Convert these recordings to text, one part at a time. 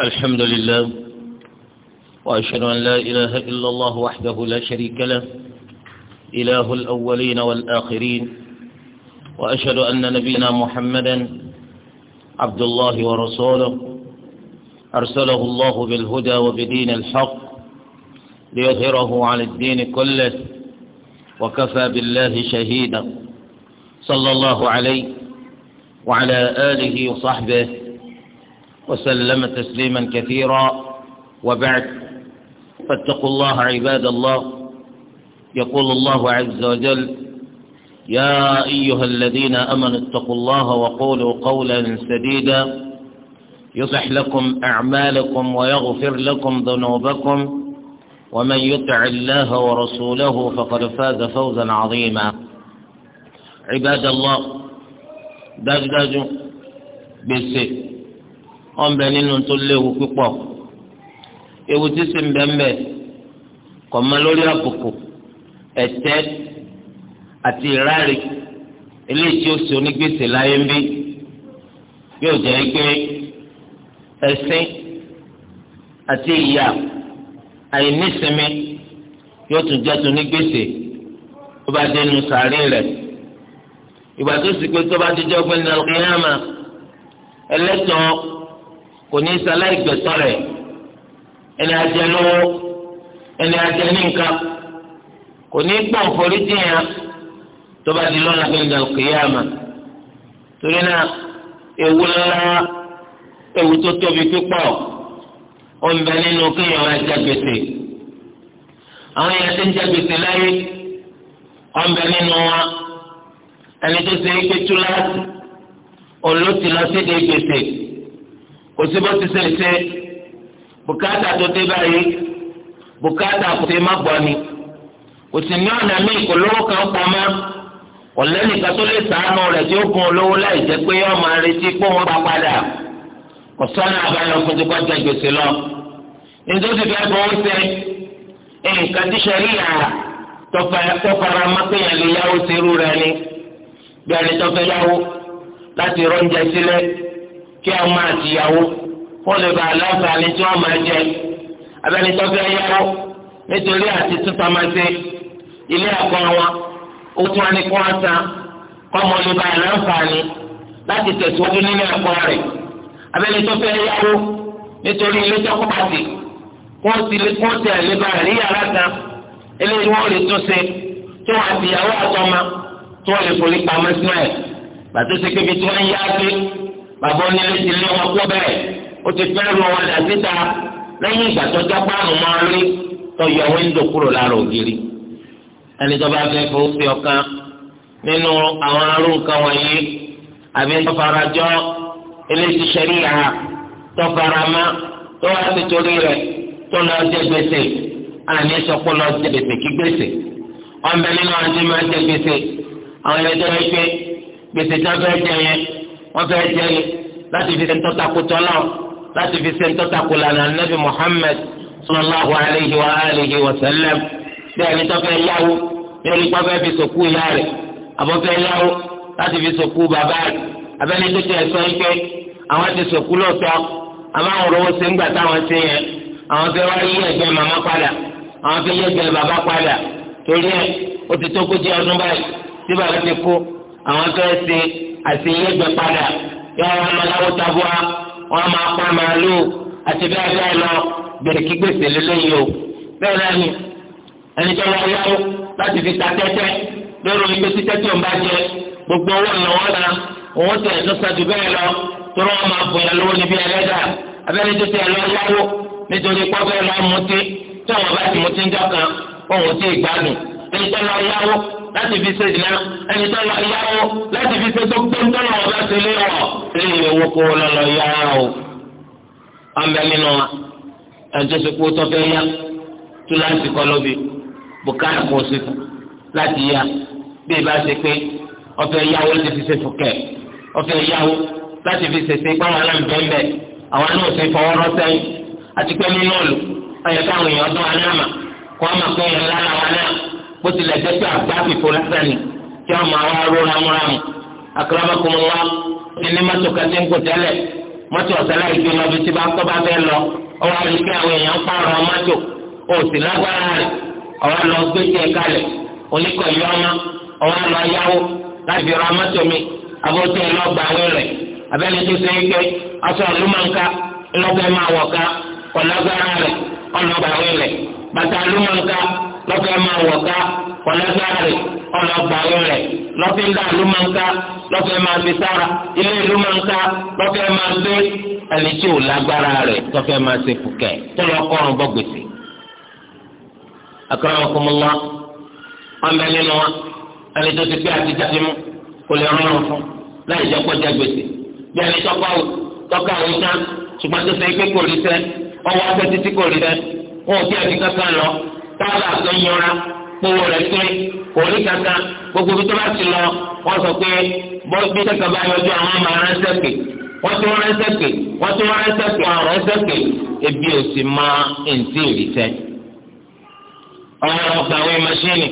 الحمد لله وأشهد أن لا إله إلا الله وحده لا شريك له إله الأولين والآخرين وأشهد أن نبينا محمدا عبد الله ورسوله أرسله الله بالهدى وبدين الحق ليظهره على الدين كله وكفى بالله شهيدا صلى الله عليه وعلى آله وصحبه وسلم تسليما كثيرا وبعد فاتقوا الله عباد الله يقول الله عز وجل يا أيها الذين أمنوا اتقوا الله وقولوا قولا سديدا يصح لكم أعمالكم ويغفر لكم ذنوبكم ومن يطع الله ورسوله فقد فاز فوزا عظيما عباد الله داج داج بسي ọ̀n bẹ nínú tó léwu púpọ̀ ewu tí sì ń bẹ ń bẹ kò mọ lórí àbùkù ẹ̀tẹ́ àti ìráre eléyìí tí ó sì onígbèsè láyé ń bí yóò jẹ́ pé ẹ̀sìn àti ìyà àìnísinmi yóò tún jẹ́ tó nígbèsè tó bá dé nu sàárè rẹ̀ ìgbà tó sì pé tó bá dijọ́ pé ní alùpùpù yàrá kò ní sálá ìgbẹ̀tọ́ rẹ̀ ẹni ajẹ lówó ẹni ajẹ ní nǹkan kò ní gbọ̀n forí jìyàn tó bá di lọ́la fi ń dà kíyàmá torí náà ewu ńlá ewu tó tóbi pípọ̀ ó ń bẹ nínú kéèyàn máa gbèsè àwọn èèyàn ti ń jẹ gbèsè láyé ó ń bẹ nínú wa ẹni tó ṣe é pé túláàsì olóòtú lọ sí de gbèsè kò sí bó ti ṣe ṣe bùkátà tó dé báyìí bùkátà kò sí má gbọ́ ni kò sì ní ọ̀nà míì kò lówó kan pamọ́ ọ̀lẹ́nìkan tó lè sàánú rẹ̀ tí ó gun olówó láì jẹ́ pé yóò máa retí pé wọ́n bá padà kò sọ́nà àbáyọ fún ti kọ́ jẹ gbèsè lọ. nítorí fẹ́ fọwọ́ sẹ nǹkan tí sẹ́rí yà tọ́fara mọ́kéyàn lè yáwó serú rẹ ni bí ẹni tọ́fẹ́ yáwó láti rọ́ǹjẹ sílẹ̀ kí ọmọ àtìyàwó wọn lè ba aláǹfààní tí wọn máa jẹ abẹnitọ́fẹ́ yẹwò nítorí àti tuntun máa ṣe ilé ẹ̀kọ́ wọn ó tún wá ní kí wọ́n san kọ́mọ lè ba aláǹfààní láti tẹ̀síwájú nínú ẹ̀kọ́ rẹ̀ abẹnitọ́fẹ́ yẹwò nítorí ilé tọ́kọ̀ pàtì wọ́n ti kọ́ tẹ̀ lè ba àríyàrá kan eléyìí wọ́n lè tún ṣe tí wọ́n àtìyàwó àtọ́mọ tí wọ́n lè forí pamọ́ sí ẹ̀ gbàtó ṣe kébi tí wọ́n yá gbé bàbá onílé ti lé wọn kó bẹ́ẹ̀ ó ti fẹ́ ru wọn dà síta lẹ́yìn ìgbà tó jápá àrùn máa rí tó yọ wíńdò kúrò lára ògiri ẹni tó bá fẹ́ fowó sí ọ̀kan nínú àwọn arú nǹkan wọ̀nyí àbí tó farajọ́ eléyìí ṣẹ̀ríyà tó farama tó wá sí torí rẹ̀ tó lọ jẹ gbèsè àní sọpọ́ lọ jẹ gbèsè kí gbèsè ọ̀nbẹ nínú àti máa jẹ gbèsè àwọn ẹlẹ́jọ́ wípé gbèsè tó fẹ́ jẹ yẹn wọ́n fẹ́ jẹ́ ni láti fi sẹ́ńtọ́ tako tọ́lá láti fi sẹ́ńtọ́ tako lànà nabi muhammed sallallahu alayhi wa alihi wa sallam bẹ́ẹ̀ ni tọ́fẹ́ yáwó yóò ní kọ́fẹ́ fi sòkú ìyá rẹ̀ àbọ̀fẹ́ yáwó láti fi sòkú bàbá rẹ̀ abẹ́ni tó tẹ̀ sọ ike àwọn ti sòkú lóòótọ́ àmọ́ àwọn òróró ṣe ń gbà táwọn ṣe yẹn àwọn fẹ́ wá yí ẹ̀gbẹ́ màmá padà àwọn fẹ́ yí ẹ̀gbẹ́ bàbá padà torí ẹ̀ ó ti tó kó jẹ́ ọdún báyìí tí bàbá ti kú àwọn fẹ́ ṣe àti ìyẹ́gbẹ́ padà yọ wọn máa láwọ́ tabua wọn máa pa màálù àti bẹ́ẹ̀ bẹ́ẹ̀ lọ bèrè kí gbèsè lélẹ́yìn o bẹ́ẹ̀ náà ni ẹni tó lọ yáwó láti fi ta tẹ́tẹ́ lórí ibi tí tẹ́tẹ́ ń bá jẹ gbogbo owó ìnáwó la òun tẹ̀ tó sàdù bẹ́ẹ̀ lọ tó lọ́wọ́ máa bọ̀ yẹn lówó níbi ẹlẹ́dà abẹ́rẹ́ tó tẹ̀ lọ yáwó nítorí pọ́fẹ́ lọ́ọ́ mutí tí àwọn bá ti mutí ń jọ kan òun ti gbádùn ẹni tó lọ yáwó láti fi ṣe ìdílé ẹni tó lọ yáwó láti fi ṣe tó gbóńgbó lọ láti lé wọ lẹ́yìn owó kó lọ lọ yáwó. ọmọ nínú wa ẹjọ́ sọ pé ó tọ́fẹ́ yá tó láti kọ́ lọ́bi bùkárà kò sí fún láti yá bí ìbá ṣe pé ọfẹ́ yáwó láti fi ṣe fòkẹ́ ọfẹ́ yáwó láti fi ṣèṣe pàwọn aláǹbẹ̀ẹ́bẹ̀ àwọn náà ṣe fọwọ́ rọ́ sẹ́yìn àti pé nínú ọ̀lù ọ̀yẹ̀ká àwọn èèyàn dán aláàmà kó àmà pé èèyàn lára wa náà. bó tilẹ̀ jẹ́ pé àgbá fìfò lásán ni tí wọ́n máa wá ró ramúramù wa ní ní mọ́tò ń kò tẹ́lẹ̀ mọ́tò ọ̀sẹ̀lẹ̀ ìgbé lọ bí tí bá kọ́ bá fẹ́ lọ ọwọ́ àyíké àwọn èèyàn ń pààrọ̀ mọ́tò òsì lágbára rẹ̀ ọwọ́ lọ gbé tiẹ̀ kalẹ̀ ọmọ ọwọ́ lọ yáwó láti ra mọ́tò mi abótó ẹ̀ lọ́gbà tó ṣe é pé aṣọ àlùmọ̀ǹkà máa lọ́fẹ́ máa wọ̀ ká kọ̀lẹ́sàárì ọlọ́gbà rẹ̀ lọ́fẹ́ ńlá ló máa ń ká lọ́fẹ́ máa fi sára ilé ló máa ń ká lọ́fẹ́ máa gbé ẹni tí ò lágbára rẹ̀ tọ́fẹ́ máa ṣe fùkẹ́ tó lọ kọ́run bọ́ gbèsè. akọ́nàmọ́kọ́mọ́lá wọn bẹ nínú wa ẹni tó ti pé àtijọ́ ti mú kò lè rọrùn fún láì jẹ́ kọjá gbèsè bí ẹni tọ́ka òun tán ṣùgbọ́n tó ṣe pé kò rí sẹ́ ọwọ́ táwọn àgbẹ̀ yanra kpowó rẹ̀ pé òní kankan gbogbo bí tó bá ti lọ wọ́n sọ pé bí kankan bá yọjú àwọn ọmọ aránṣẹ́ pè wọ́n tún ránṣẹ́ pè wọ́n tún ránṣẹ́ pè wọ́n ránṣẹ́ pè ebi ò sì máa ntí ìrìsẹ́. ọlọ́run gba àwọn mọ́ṣíìnì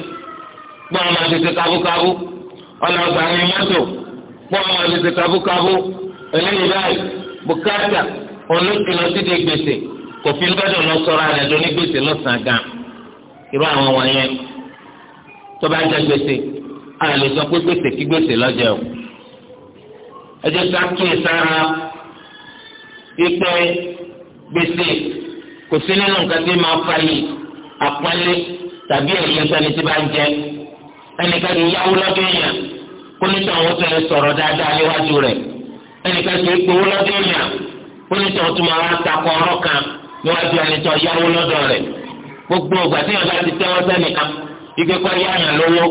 gbọ́ ọmọ àtẹ̀tẹ̀ kábúkábú ọlọ́run gba àwọn mọ́tò gbọ́ ọmọ àtẹ̀tẹ̀ kábúkábú eléyìí báyìí bùkátà olókìlọ́sídẹ̀ẹ́ gbèsè kò fi lọ́dọ̀ lọ́sọ̀rọ̀ àrẹ̀dọ́ ní gbèsè lọ́sàn-án gan-an. irú àwọn wọ̀nyẹn tó bá jẹ gbèsè a lè pé gbèsè kí gbèsè lọ́jọ́ o ẹ jẹ́ ká kíyè sára ipe gbèsè kò sí nínú nǹkan tí máa fa yìí tàbí ẹ̀yẹ sani tí bá ń jẹ ẹnìkan kì í yẹn kó sọ̀rọ̀ dáadáa níwájú rẹ̀ ẹnìkan yẹn kó máa ń ọ̀rọ̀ kan níwájú ẹni tó lọ́dọ̀ rẹ̀. gbogbo ọgbà tí yọba ti tẹ́wọ́ sẹ́nìkan ike kọ́ yá yàn lówó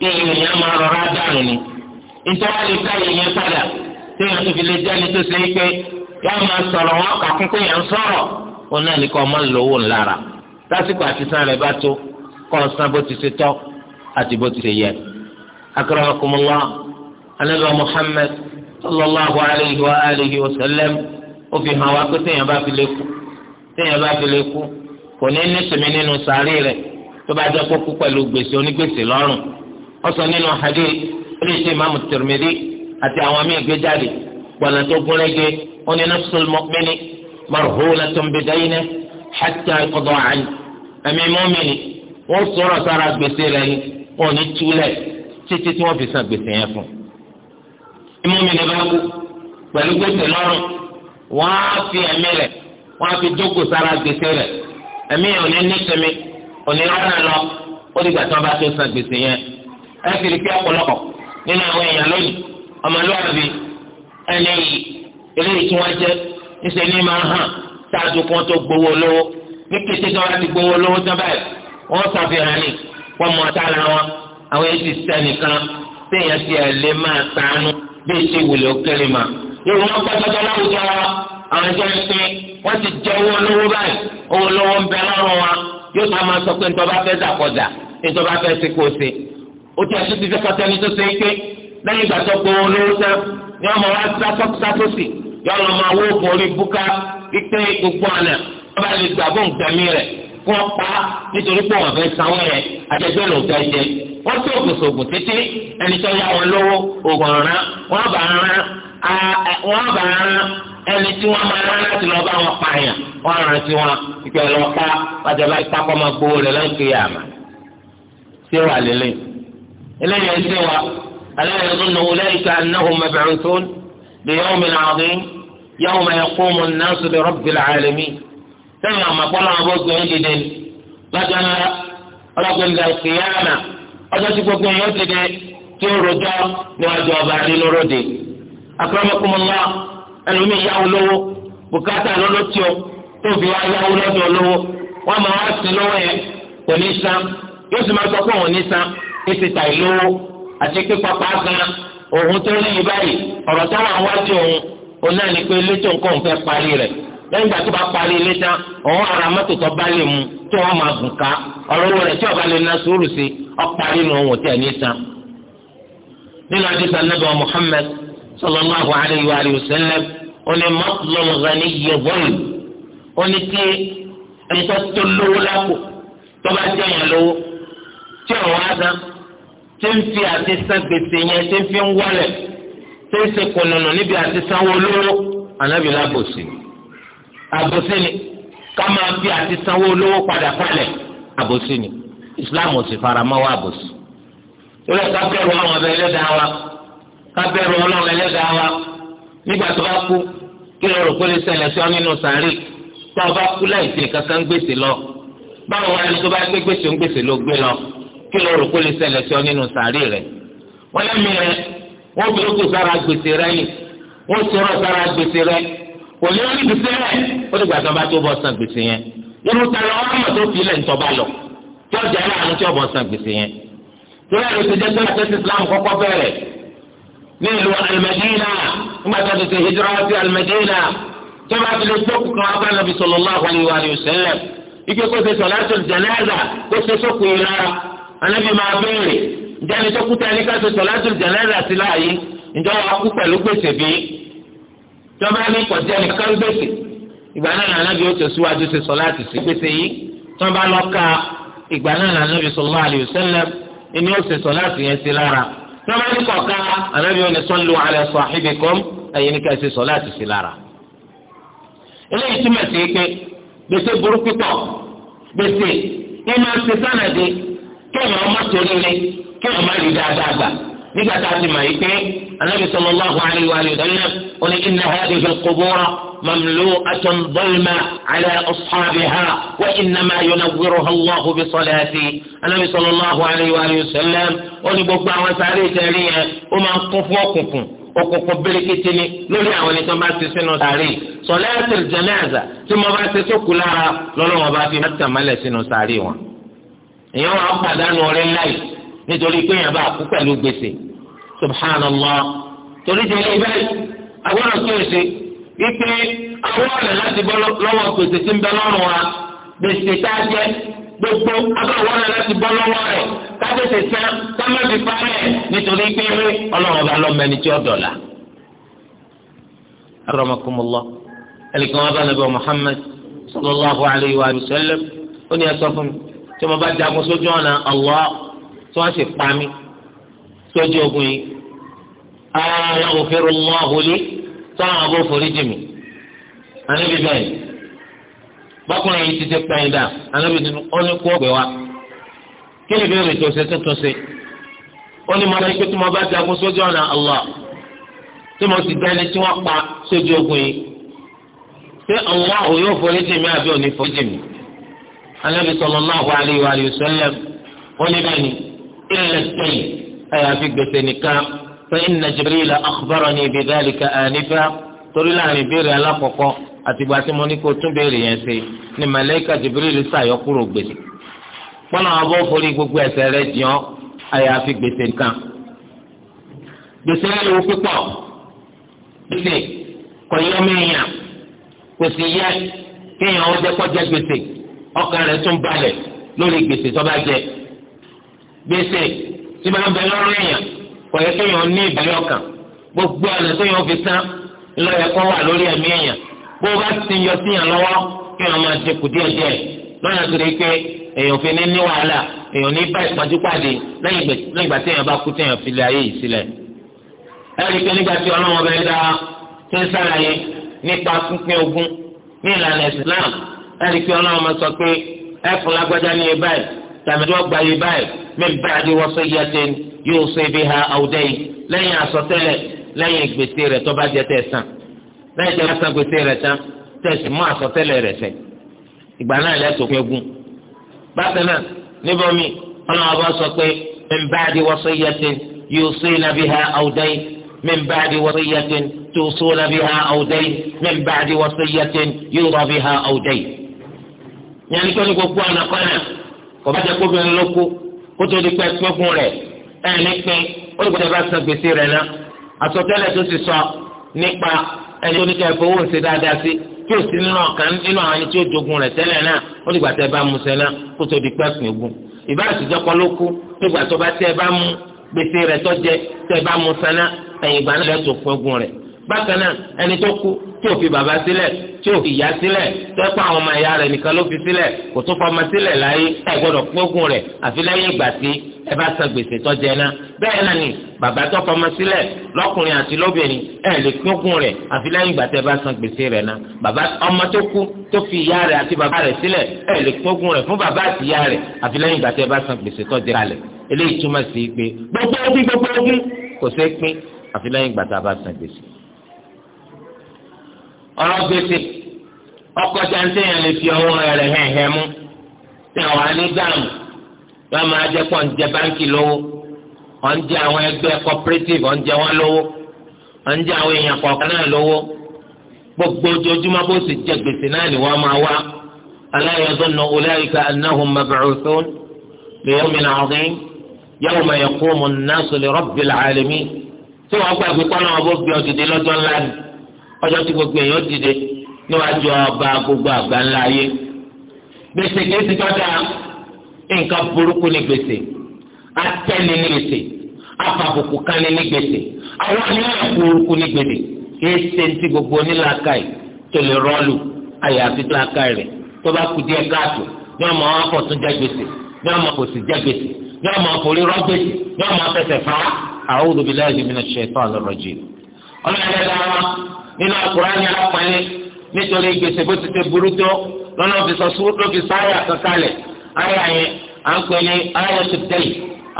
kí èèyàn máa rọra dànù ni ìtọ́wá lè ká èèyàn padà tí yàn tó fi lè jẹ́ni tó ṣe é pé yàn máa sọ̀rọ̀ wọn kà fún pé yàn ń sọ̀rọ̀ ó náà ní kọ́ ọmọ lówó ńlára lásìkò àti san rẹ̀ bá tó kọ́ ọ bó ti ṣe tọ́ àti bó ti ṣe yẹ. akramakumullah anabi muhammed sallallahu alayhi wa alihi wa sallam ó fi hàn wá pé téèyàn bá fi lè kú téèyàn bá fi lè kú kò ní nísìmí nínú sàárì rẹ̀ tó bá jẹ́ kó kú pẹ̀lú gbèsè onígbèsè lọ́rùn ó sọ nínú hadith oníṣẹ́ ìmáàmù Tirmidhi àti àwọn míì gbé jáde gbọ̀nà tó gúnrégé ó ní nafsul mu'mini marhulatun bidaynihi hatta yuqda anhu ẹ̀mí mọ́mìnì wọ́n sọ̀rọ̀ sára gbèsè rẹ̀ ni wọ́n ní túlẹ̀ títí tí wọ́n fi san gbèsè yẹn fún un bá kú pẹ̀lú gbèsè lọ́rùn wọ́n á fi ẹ̀mí rẹ̀ wọ́n á fi jókòó sára gbèsè rẹ̀ ẹ̀mí yẹn ò ní ní sinmi ò ní rárá lọ ó dìgbà tí bá tó san gbèsè yẹn ẹ sì rí pé ọ̀pọ̀lọpọ̀ nínú àwọn èèyàn lónìí ọmọlúwàbí ẹni eléyìí tí wọ́n jẹ́ níṣẹ́ ní máa hàn kan tó gbowó lówó ní kété ti gbowó lówó tán báyìí wọ́n ní wọ́n mọ wọn àwọn èyí ti téèyàn ti ẹ̀ lé máa tánú bí yorùbá wọn gbàgbọ́dọ̀ láwùjọ wa àwọn ẹjọ́ ń pín wọ́n ti jẹ owó olówó báyìí owó olówó ń bẹ lọ́rùn wa yóò tó a máa sọ pé ntọ́ba fẹ́ dàkọ̀dà ntọ́ba fẹ́ ṣe kó ṣe ó ti ti fẹ́ kọ́tẹ́ ní tó ṣe pé lẹ́yìn ìgbà tó gbowó olówó tán ni wọ́n máa wá sáfọ́sì yọ lọ máa wó oògùn orí búká pípé gbogbo àná wọ́n bá lè gbàgbọ́ nǹkanmi rẹ̀ fún ọ̀pá nítorí pé wọ́n fẹ́ sanwó yẹn àjẹgbẹ́ ló fẹ́ jẹ wọ́n tó oògùn sògùn títí ẹni tó wọn lówó oògùn rán wọ́n bá rán wọ́n bá rán ẹni tí wọ́n máa rán láti lọ bá wọn pààyàn wọ́n rán sí wọn ìpẹ́ lọ ká wájà bá ìta kọ́ máa gbowó rẹ̀ lẹ́ǹkì yàrá sí wà lélẹ̀ eléyìí ẹ̀ wa aláìyẹ tó nà wọlé ìka anáhù mẹbẹ̀rún tó lè yọ̀ mí náà dín yàwó ma yẹ kó mu náà sọ lè rọ́bì làálẹ́mí sẹ́yìn àmàkọ́lá wọn bó gbẹ̀yìn dìde lọ́jọ́ náà ọlọ́gbẹ̀ẹ́ akramakumullah ẹlòmíì yáwó lówó bùkátà lọ́lọ́ tí o tó fi wá yáwó lọ́dọ̀ lówó wọ́n máa wá sí lọ́wọ́ yẹn kò ní san yóò sì máa sọ pé òun ní san èsì tà ìlówó àti pé pápá gan òun tó ní ìbáyìí ọ̀rọ̀ táwọn àwájú òun òun náà ní pé létò nǹkan òun fẹ́ parí rẹ̀ lẹ́yìn ìgbà tó bá parí ilé tán òun ara mọ́tò tó bá lè mu tó wọ́n máa gùn ká ọ̀rọ̀ owó rẹ̀ tí ọba lè na sùúrù sí ọ̀parí nu òun tí ẹ̀ ní san. nínú àdìsá nàbẹ̀ Muhammad sallallahu alayhi wa sallam oní mọ́tòlọ́mù gani yẹ bọ́ọ̀lù oní tí ẹni tó tó lówó lápò tó bá jẹ́ yẹn lówó tí ọ̀wọ́ ádá tí ń fi àti san gbèsè yẹn tí ń fi ń wọlẹ̀ tí ń ṣe kùnùnù níbi àti sanwó lówó ànábì lábòsí àbòsí ni ká máa fi àti sanwó lówó padà falẹ̀ àbòsí ni Islam ò sì faramọ́ wa àbòsí. ìrẹsà bẹ̀rù àwọn ọ̀bẹ ẹlẹ́dàá wa kábẹ́rù ọlọ́run ẹlẹ́dàá wa nígbà tó bá kú kí lóòrò kó lè ṣẹlẹ̀ sí ọ nínú sàárè tó o bá kú láì ṣe kankan gbèsè lọ báwo wá ní tó bá gbé gbèsè ń gbèsè ló gbé lọ kí lóòrò kó lè ṣẹlẹ̀ sí ọ nínú sàárè rẹ wọ́n lẹ́mí rẹ wọ́n bí lóko sára gbèsè rẹ yìí wọ́n sọ̀rọ̀ sára gbèsè rẹ kò ní orí gbèsè rẹ ó dìgbà tó bá tó bọ́ san gbèsè yẹn irú ta lọ ọmọ tó fi lẹ̀ ń lọ tí ọjà láàánú tí ọ ní ìlú alimẹdínà nígbà tó ti ṣe hijira wá sí alimẹdínà tó bá ti lè gbókù kan wá bá nàbí sallallahu alaihi wa sallam ike kó ṣe sọláṣọ jẹnẹza kó ṣe sókun yìí rárá anabi máa béèrè ìjáni tó kú tani ká ṣe sọláṣọ jẹnẹza sí láàyè ìjọ wa kú pẹ̀lú gbèsè bí tó bá ní kọjá ní kán gbèsè ìgbà náà ní anabi ó ṣe síwájú ṣe sọláṣọ sí gbèsè yìí tó bá lọ ka ìgbà náà ní anabi sallallahu alaihi sọ́mọ́ ní kọ̀ọ̀kan ànábi wọn ni sọ́nlù alẹ́ sọ àhíbi kọ́m ẹ̀yin ní kẹ́sì sọ láti sí lára. eléyìí túmọ̀ sí pé gbèsè burúkú tọ̀ gbèsè ìmọ̀ ṣe sànàdé kéèyàn ọmọ torí ni kéèyàn má rí dáadáa gbà nígbà tá a ti mọ̀ yìí pé ànábi sọ̀rọ̀ lọ́hùn àríwá àríwá قل إن هذه القبور مملوءة ظلمة على أصحابها وإنما ينورها الله بصلاتي النبي صلى الله عليه وآله وسلم ونبقى وسعري تاريا وما قفوككم òkùnkùn birikiti ni lórí àwọn ẹni tó bá ti sínú sàárì sọláàtì jẹnáàzà tí mo bá ti sókù lára lọ́lọ́wọ́n bá fi mẹ́ta mẹ́lẹ̀ sínú sàárì wọn. èèyàn wà pàdánù orí ńlá yìí nítorí pé èèyàn bá kú pẹ̀lú gbèsè subhanallah torí ti ilé báyìí àgbọ̀dọ̀ kíyèsí wípé àwọn ọ̀rẹ́ láti bọ́ lọ́wọ́ gbèsè tí ń bẹ lọ́rùn wa gbèsè tá a jẹ gbogbo agbọ̀wọ́ rẹ̀ láti bọ́ lọ́wọ́ rẹ̀ kábèsè sàn kámẹ́bí parẹ́ nítorí pé ọlọ́run bá lọ́mọ ẹni tí ó dọ̀la. aramakumullah ẹnìkan wọn bá nàbẹ Muhammad sallallahu alayhi wa sallam ó ní ẹsọ fún mi tí wọn bá jagun sójú ọ̀nà Allah tí wọn sì pa mí sójú ogun yìí ààrẹ òfin ọmọ àwòlé sáwọn abó foríjì mi ànábi bẹ́ẹ̀ bákùnrin yìí ti ṣe pẹ́yìn dà ànábi tó ó ní kó ọgbẹ́ wa kí ni bẹ́ẹ̀ tó ṣe ṣe ó ní ikú tí mo bá sójú ọ̀nà Allah tí mo sì dání tí wọ́n pa sójú ogun yìí ṣé Allah ò yóò foríjì mi àbí òní foríjì mi ànábi sallallahu alaihi ó ní bẹ́ẹ̀ ni ilẹ̀ ẹ̀yà fi gbèsè nìkan. فإن جبريل أخبرني بذلك آنفا تريلاني بيري على قوقو àtìgbà tí mo ní kó tún béèrè yẹn ṣe ni màlẹ́kà Jibril ṣàyọkúrò gbèsè pọ́nà ọbọ̀ forí gbogbo ẹ̀ṣẹ̀ rẹ̀ jìyàn àyàfi gbèsè nìkan. gbèsè léwu púpọ̀ gbèsè kò yẹ mẹ́yàn kò sì yẹ kéèyàn ó jẹ́ kọjá gbèsè ọkàn rẹ̀ tún balẹ̀ lórí gbèsè tó bá jẹ gbèsè tí máa ń bẹ lọ́rùn èèyàn kò yẹ kéèyàn ní ìbẹ̀rẹ̀ ọkàn gbogbo ọ̀nà téèyàn fi tán lọ́yẹ̀ kọ́ wà lórí ẹ̀mí èèyàn bó o bá ti yọ síyàn lọ́wọ́ kéèyàn máa dínkù díẹ̀díẹ̀ lọ́nà tó lè pé èèyàn fi ní ní wàhálà èèyàn ní bá ìpọ́njú pàdé lẹ́yìn ìgbà téèyàn bá kú téèyàn fi lé ayé yìí sílẹ̀. ẹ̀rí pé nígbà tí ọlọ́run ọba ẹ̀dá ti ń sàlàyé nípa pínpín ogún ní ìlànà Islam ẹ̀rí pé ọlọ́run ọba sọ pé ẹ̀fún lágbájá ní ibà yìí tàbí tí wọ́n gba ibà yìí mí yóò sọ ibi ha àwùjọ yìí lẹ́yìn àsọtẹ́lẹ̀ lẹ́yìn gbèsè rẹ̀ tó bá jẹ tẹ̀ san lẹ́yìn tẹ̀ san gbèsè rẹ̀ tán tẹ̀sí mú àsọtẹ́lẹ̀ rẹ̀ ṣẹ ìgbà náà lẹ́tọ̀ọ́ kẹ́gùn. bákan náà níbo mi ọlọ́wọ́ bá sọ pé min ba'di wasiyyatin yusina biha aw dayn min ba'di wasiyyatin tusuna biha aw dayn min ba'di wasiyyatin yura biha aw dayn. yẹn ẹni pé olùkọ́ni bá san gbèsè rẹ̀ náà àsọtẹ́lẹ̀ tó ti sọ nípa ẹni tó ní ká ẹ̀fọ́ owó ń ṣe dáadáa sí tí ó sì nínú ọ̀kan nínú àwọn ẹni tí ó jogun rẹ̀ tẹ́lẹ̀ náà ó lè gbà tẹ́ bá mu sẹ́ náà kó tó di pẹ́sìn ogun ìbá àtijọ́pọ̀ ló kú tó tó bá tẹ́ bá mu gbèsè rẹ̀ tó tẹ́ bá mu sẹ́ náà ẹ̀yìn ìgbà náà lẹ́tọ̀ọ́ fún ogun rẹ̀ bákan náà ẹni tó kú tí ò fi bàbá sílẹ̀ tí ò fi ìyá sílẹ̀ tẹ́pọ̀ àwọn ọmọ ìyá rẹ̀ nìkan ló fi sílẹ̀ kò tó fọmọ sílẹ̀ láyé ẹ gbọ́dọ̀ pógun rẹ̀ àfi lẹ́yìn ìgbà tí ẹ bá san gbèsè tọ́jẹ náà bẹ́ẹ̀ náà ni bàbá tó fọmọ sílẹ̀ lọ́kùnrin àti lóbìnrin ẹ lè pógun rẹ̀ àfi lẹ́yìn ìgbà tẹ́ bá san gbèsè rẹ̀ náà bàbá ọmọ tó kú tó fi ìyá rẹ̀ àti bàbá rẹ̀ sílẹ̀ ẹ lè pógun rẹ̀ fún bàbá àti ìyá rẹ̀ àfi lẹ́yìn ìgbà tẹ́ bá san gbèsè tọ́jẹ kalẹ̀ eléyìí túmọ̀ sí pé gbogbo ogun gbogbo ogun kò ṣeé pín àfi lẹ́yìn ìgbà tá a bá san gbèsè ọ̀rọ̀ gbèsè ọkọ̀ jàǹtí yẹn lè fi ọwọ́ rẹ̀ hẹ̀hẹ̀ mú tí àwọn anígbàmù bá máa jẹ́ pọ̀ ń jẹ báńkì lówó ọ̀ ń jẹ àwọn ẹgbẹ́ cooperative ọ̀ ń jẹ wọn lówó ọ̀ ń jẹ àwọn èèyàn kọ̀ọ̀kan náà lówó gbogbo ojoojúmọ́ bó sì jẹ gbèsè náà ni wọ́n máa wá aláyọ̀dọ́nà ọ̀lẹ́yìká anáhùn mabẹ́rùsọ́n lèyọ́mìnà ọ̀gẹ́yìn yàwó ma yẹ kó mu nàásù lè rọ́bìlà àlẹ́mí tí wọ́n gbàgbé kọ́nà ọ̀bọ̀ bí ọ̀dìdì lọ́jọ́ ńlá ni ọjọ́ tí gbogbo èèyàn dìde níwájú ọba gbogbo àgbà ńlá ayé gbèsè kìí ti tọ́jà nǹkan burúkú ní gbèsè atẹ́ni ní gbèsè afàbùkù kání ní gbèsè àwọn onílà burúkú ní gbèsè kìí ṣe ti gbogbo onílàkà yìí tó lè rọ́ọ̀lù àyàfi làkà rẹ̀ tó bá kú díẹ̀ káàtó ní ọmọ akọ̀tún jẹ́ gbèsè ní ọmọ kò sì jẹ́ gbèsè ní ọmọ àforí rọ́gbèsè ní ọmọ afẹsẹ̀ fà á. a'udhu billahi minash shaitanir rajim. ọlọ́run ẹ̀dá nínú alukurani alápàlẹ nítorí gbèsè bó ti ṣe burú tó lọ́nà òfin sọ sùúrù ló fi sáyà kankalẹ̀ ayà yẹn à ń pè ní ayà tó tẹ̀lé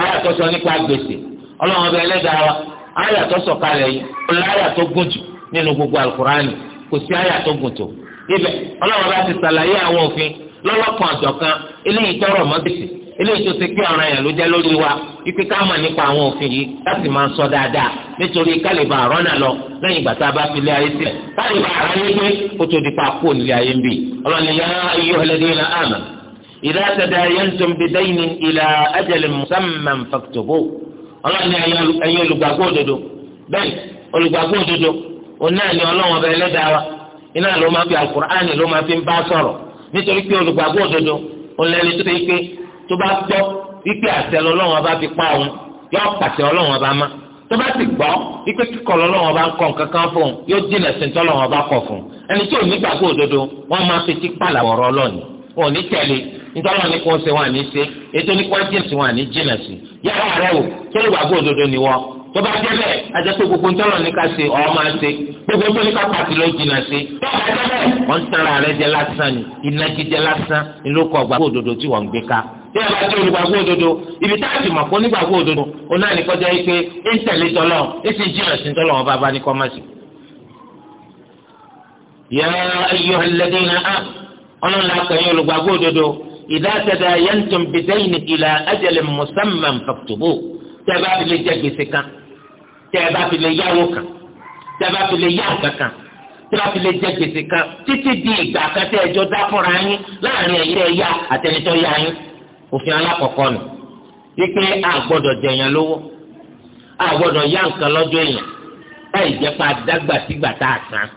ayà tó sọ nípa gbèsè ọlọ́run ọbẹ̀ ẹlẹ́dàá wa ayà tó sọ kalẹ̀ yìí ọlọ́run ayà tó gùn jù nínú gbogbo alukurani kò sí ayà tó gùn tó ibẹ̀ ọlọ́run bá ti sàlàyé àwọn òfin lọ́lọ́kan àjọ̀kan eléyìí tọrọ mọ́ gbèsè eléyìí tó ṣe pé ọ̀ràn yẹn ló jẹ́ lórí wa ipe ká mọ̀ nípa àwọn òfin yìí láti máa sọ dáadáa nítorí kálíbà àrọ́nà lọ lẹ́yìn ìgbà tá a bá fi lé ayé sílẹ̀ kálíbà àrọ́nà gbé kó tó di pa kó nílé ayé ń bì ọlọ́ni yá ayé ọlẹ́dẹ́ náà àmà ìdá àtẹ̀dá yẹn tó ń bi dẹ́yìn ìlà ajẹ́lẹ̀ musamman fàkítọ́bù ọlọ́ni ẹ̀yin olùgbàgbọ́ òdodo bẹ́ẹ̀ olùgbàgbọ́ òdodo tó bá gbọ́ wípé àṣẹ lọ́lọ́run ọba fi pa òun yóò pàṣẹ ọlọ́run ọba má tó bá sì gbọ́ wípé kíkọ̀ lọ́lọ́run ọba ń kọ́ nǹkan kan fún un yóò jìnà sí tọ́lọ́run ọba kọ̀ fún un ẹni tí ò ní gbàgbọ́ òdodo wọ́n máa fi ti pàlà ọ̀rọ̀ ọlọ́ọ̀ni wọn ò ní tẹ̀lé nítorí ní kò ń ṣe ṣe ètò ní kò ń jìnà sí yàrá rẹ wò tó lè gbàgbọ́ òdodo ni wọ́n tó bá jẹ́ bẹ́ẹ̀ ajẹ́ pé gbogbo ntọ́lọ̀ ní ṣe ọ̀ máa ṣe gbogbo tó ní pàtì ló jìnnà ṣe tó bá jẹ́ bẹ́ẹ̀ wọ́n ń tẹ̀ra rẹ jẹ lásán ni iná jíjẹ lásán ni ló kọ gbàgbọ́ òdodo tí wọ́n ń gbé ká bí a bá jẹ́ olùgbàgbọ́ òdodo ibi tá a ti mọ̀ fún onígbàgbọ́ òdodo òun náà ní kọjá yìí pé é ń tẹ̀lé tọ́lọ́ é sì jìnnà sí tọ́lọ́ wọn bá bá ní kọ́mọ̀sì. yā ayyuhalladhīna ọlọ́run la kàn olùgbàgbọ́ òdodo idhā tadāyantum bidaynin ilā ajalin musamman faktubūh tẹ́ bá fi lè jẹ gbèsè kan títí di ìgbà kan tẹ́ ẹjọ́ dá fúnra yín láàrin ẹ̀yìn ẹ̀yà àtẹnitọ́ yá yín òfin alákọ̀ọ́kọ́ nù wípé a gbọ́dọ̀ jẹyàn lówó a gbọ́dọ̀ yá nǹkan lọ́jọ́ èèyàn láì jẹ́ pa dágbà sígbà tá a san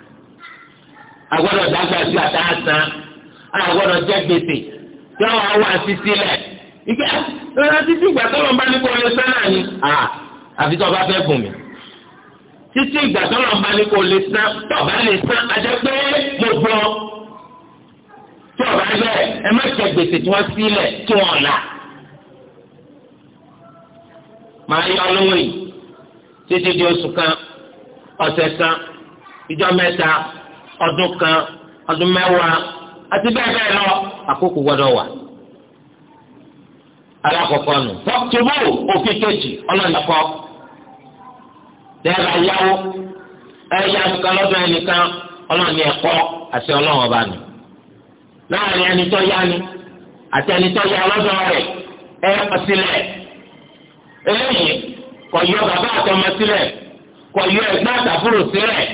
a gbọ́dọ̀ dágbà sígbà tá a san a gbọ́dọ̀ jẹ́ gbèsè tí wọ́n wá sísí lẹ̀ ìgbà lọ́dọ̀ títí ìgbà tó lọ́n bá ní kó lè sán náà ni àfi tó bá fẹ́ gùn mí títí ìgbà tó lọ́n bá ní kó lè sán tó bá lè sán àjẹpẹ́ mo tí ọba bẹ ẹ má tẹ gbèsè tí wọn tí wọn là máa yọ lówó yìí títí di oṣù kan ọ̀sẹ̀ kan ìjọ mẹ́ta ọdún kan ọdún mẹ́wàá àti bẹ́ẹ̀ bẹ́ẹ̀ lọ àkókò wà alakọkọ nù òfin kejì láàrin ẹni tó yá ni àti ẹni tó yá lọ́dọ̀ rẹ̀ ẹ kọ̀ sílẹ̀ eléyìí kọ̀ yọ bàbá àtọmọ sílẹ̀ kọ̀ yọ ẹgbẹ́ àtàbúrò sílẹ̀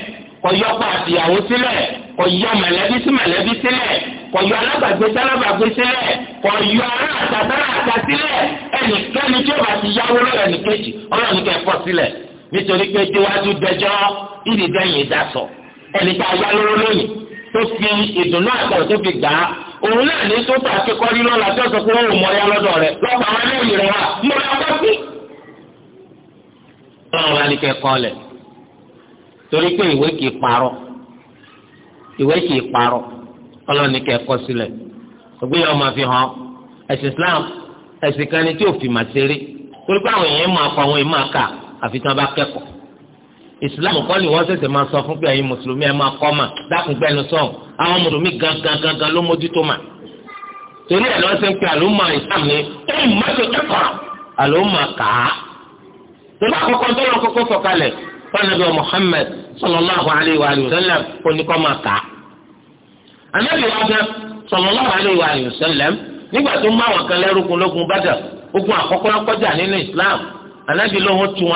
kọ̀ yọ ọkọ àtìyàwó sílẹ̀ kọ̀ yọ mẹ̀lẹ́bí sí mẹ̀lẹ́bí sílẹ̀ kọ̀ yọ alábàgbé sí alábàgbé sílẹ̀ kọ̀ yọ ará àtàtàrà àtà sílẹ̀ ẹnikẹ́ni tí ó bá ti yáwó lọ́rẹ̀ nìkejì ọlọ́run kẹ́ kọ̀ sílẹ̀ nítorí pé tó fi ìdùnnú àtàwọn tó fi gbà á òun náà ní tó tà kíkọ́ rí lọ́la tó sọ pé ó wò mọ́yá lọ́dọ̀ rẹ̀ lọ́pàá wọn ní ìrìn wa mo ra ọkọ sí. ọlọ́run wa ní kẹ́kọ́ lẹ̀ torí pé ìwé kì í parọ́ ìwé kì í parọ́ ọlọ́run ní kẹ́kọ́ sílẹ̀ ògbéyàwó máa fi hàn ẹ̀sìn Islam ẹ̀sìn kan ní tí ò fi màá ṣeré torí pé àwọn èèyàn máa kọ àwọn èèyàn máa kà àfi tí wọ́n bá kẹ́kọ̀ọ́ ìsìláàmù kọ́ ni wọ́n ṣẹ̀ṣẹ̀ máa sọ fún pé ẹ̀yin mùsùlùmí ẹ̀ máa kọ́ mà dákùngbẹ́nu sọ̀n àwọn mùsùlùmí gangan gangan ló mójútó mà torí ẹ̀ lọ́sẹ̀ ń pe àlùmọ̀ ìsìláàmù ni ẹ̀yìn mọ́tò kẹ́kọ̀ọ́ àlùmọ̀ kà á torí àkọ́kọ́ tó lọ kọ́kọ́ sọ̀kalẹ̀ fúnàbí Muhammad sallallahu alayhi wa sallam oníkọ́ máa kà á anábì wájà sallallahu alayhi wa sallam nígbà tó má wọn kan Islam anábì lóhun tún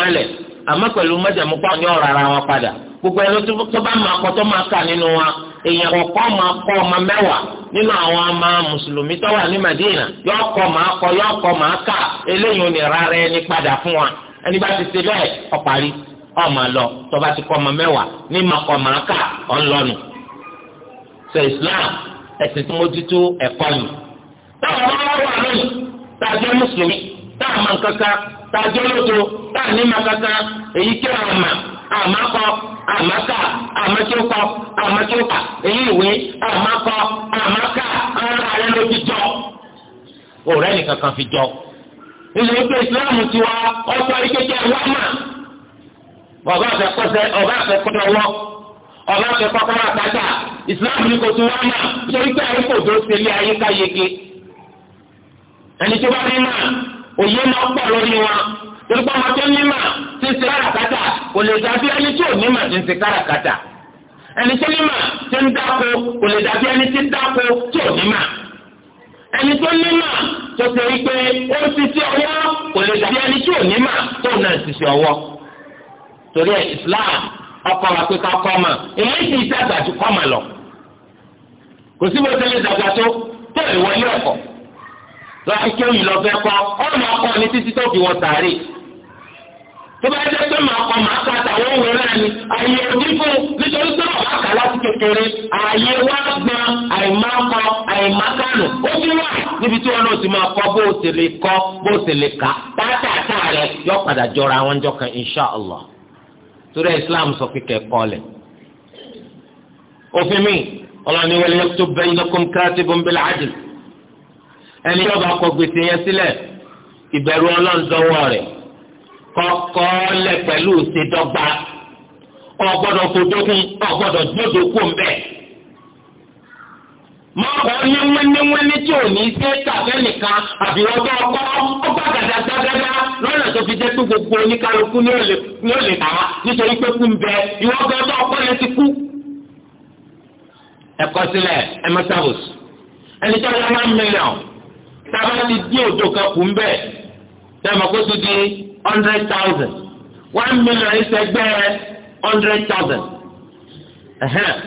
àmọ́ pẹ̀lú mẹ́jẹ̀mú pàwọn yóò rárá wọn padà gbogbo ẹni tó bá máa kọ́ tó máa kà nínú wa èèyàn máa kọ́ ọmọ mẹ́wàá nínú àwọn ọmọ mùsùlùmí tó wà ní Madina yóò kọ́ máa kọ́ yóò kọ́ máa kà eléyìí ò ní rárá ẹni padà fún ọ parí lọ tó bá ti kọ́ ọmọ mẹ́wàá ní máa ọ ń Islam ẹ̀sìn tó mójútó ẹ̀kọ́ ni táwọn ọmọ wa wà lónìí a tájọ́ lóso táà ní makaka èyí kí àmà àmàkọ àmàkà àmàkíkọ àmàkíkà èyí ìwé àmàkọ àmàkà ara rẹ ló jọ òrẹ́ n'i fi jọ nínú ìpè islam tiwa ọ̀sọ̀ ìkékè wá mà ọba àfẹkọsẹ ọba àfẹkọsẹ wọ ọba àfẹkọsẹ àtàtà ni kò tún tó ṣe ayé ká òye máa pọ̀ lórí wọn nígbà wọn tó ní mà ti ń ṣe káràkátà kò lè dàbí ẹni tí ò ní mà ti ń ṣe káràkátà ẹni tó ní mà ti ń dáko kò lè dàbí ẹni tí ń dáko tí ò ní mà ẹni tó ní mà tó ṣe é pé ó ń ṣiṣẹ́ ọwọ́ kò lè dàbí ẹni tí ò ní mà tó náà ń ṣiṣẹ́ ọwọ́ torí ẹ Islam ọkọ wa pé ká kọ́ mà èyí sì ń ṣàgbàjú kọ́ mà lọ kò sí bó ṣe lè dàgbà tó tó ìwọlé ọkọ̀ láì kéwì lọ fẹ́ kọ́ ọ́ máa kọ́ ni títí tó fi wọ sàárè tó bá dé pé màá kọ́ màá kà tàwọn òwe náà ni àyè òdìbò nítorí pé màá kà láti kékeré àyè wá gbọ́n àìmákọ àìmákànù ó ti wà níbi tí wọn náà ti máa kọ́ bó o sì lè kọ́ bó o sì lè kà pátákà rẹ yọ padà jọra àwọn ọjọ́ kan insha allah torí islam sọ pé kẹ́kọ́ lẹ̀ òfin mi ọlọ́ni wal yaktub bainakum katibun bil ẹni yóò bá kọ gbèsè yẹn sílẹ̀ ìbẹ̀rù ọlọ́nzọ́wọ́ rẹ̀ kọ́kọ́ lẹ̀ pẹ̀lú ìṣèdọ́gba ọgbọ́dọ̀ fòdókun ọgbọ́dọ̀ jódòkó ń bẹ̀. mọ́kọ́ ní wíníwíní tí ò ní ṣe tàbẹ́ nìkan àbí ọgbà ọkọ́ ọgbà gàdàgàdàgà lọ́nà tó fi jẹ́ pé gbogbo oníkálukú ni ó lè bá nítorí pé kú ń bẹ ìwọ́gbẹ́ ọgbà ọkọ́ yẹn ti kú. ẹ̀kọ́ sílẹ̀ ẹ̀mẹ́tàbùs ẹni tó wọ́n one million tábà ti dín òjò kan kù ń bẹ̀ ti di hundred thousand one million ìṣẹ́gbẹ́ hundred thousand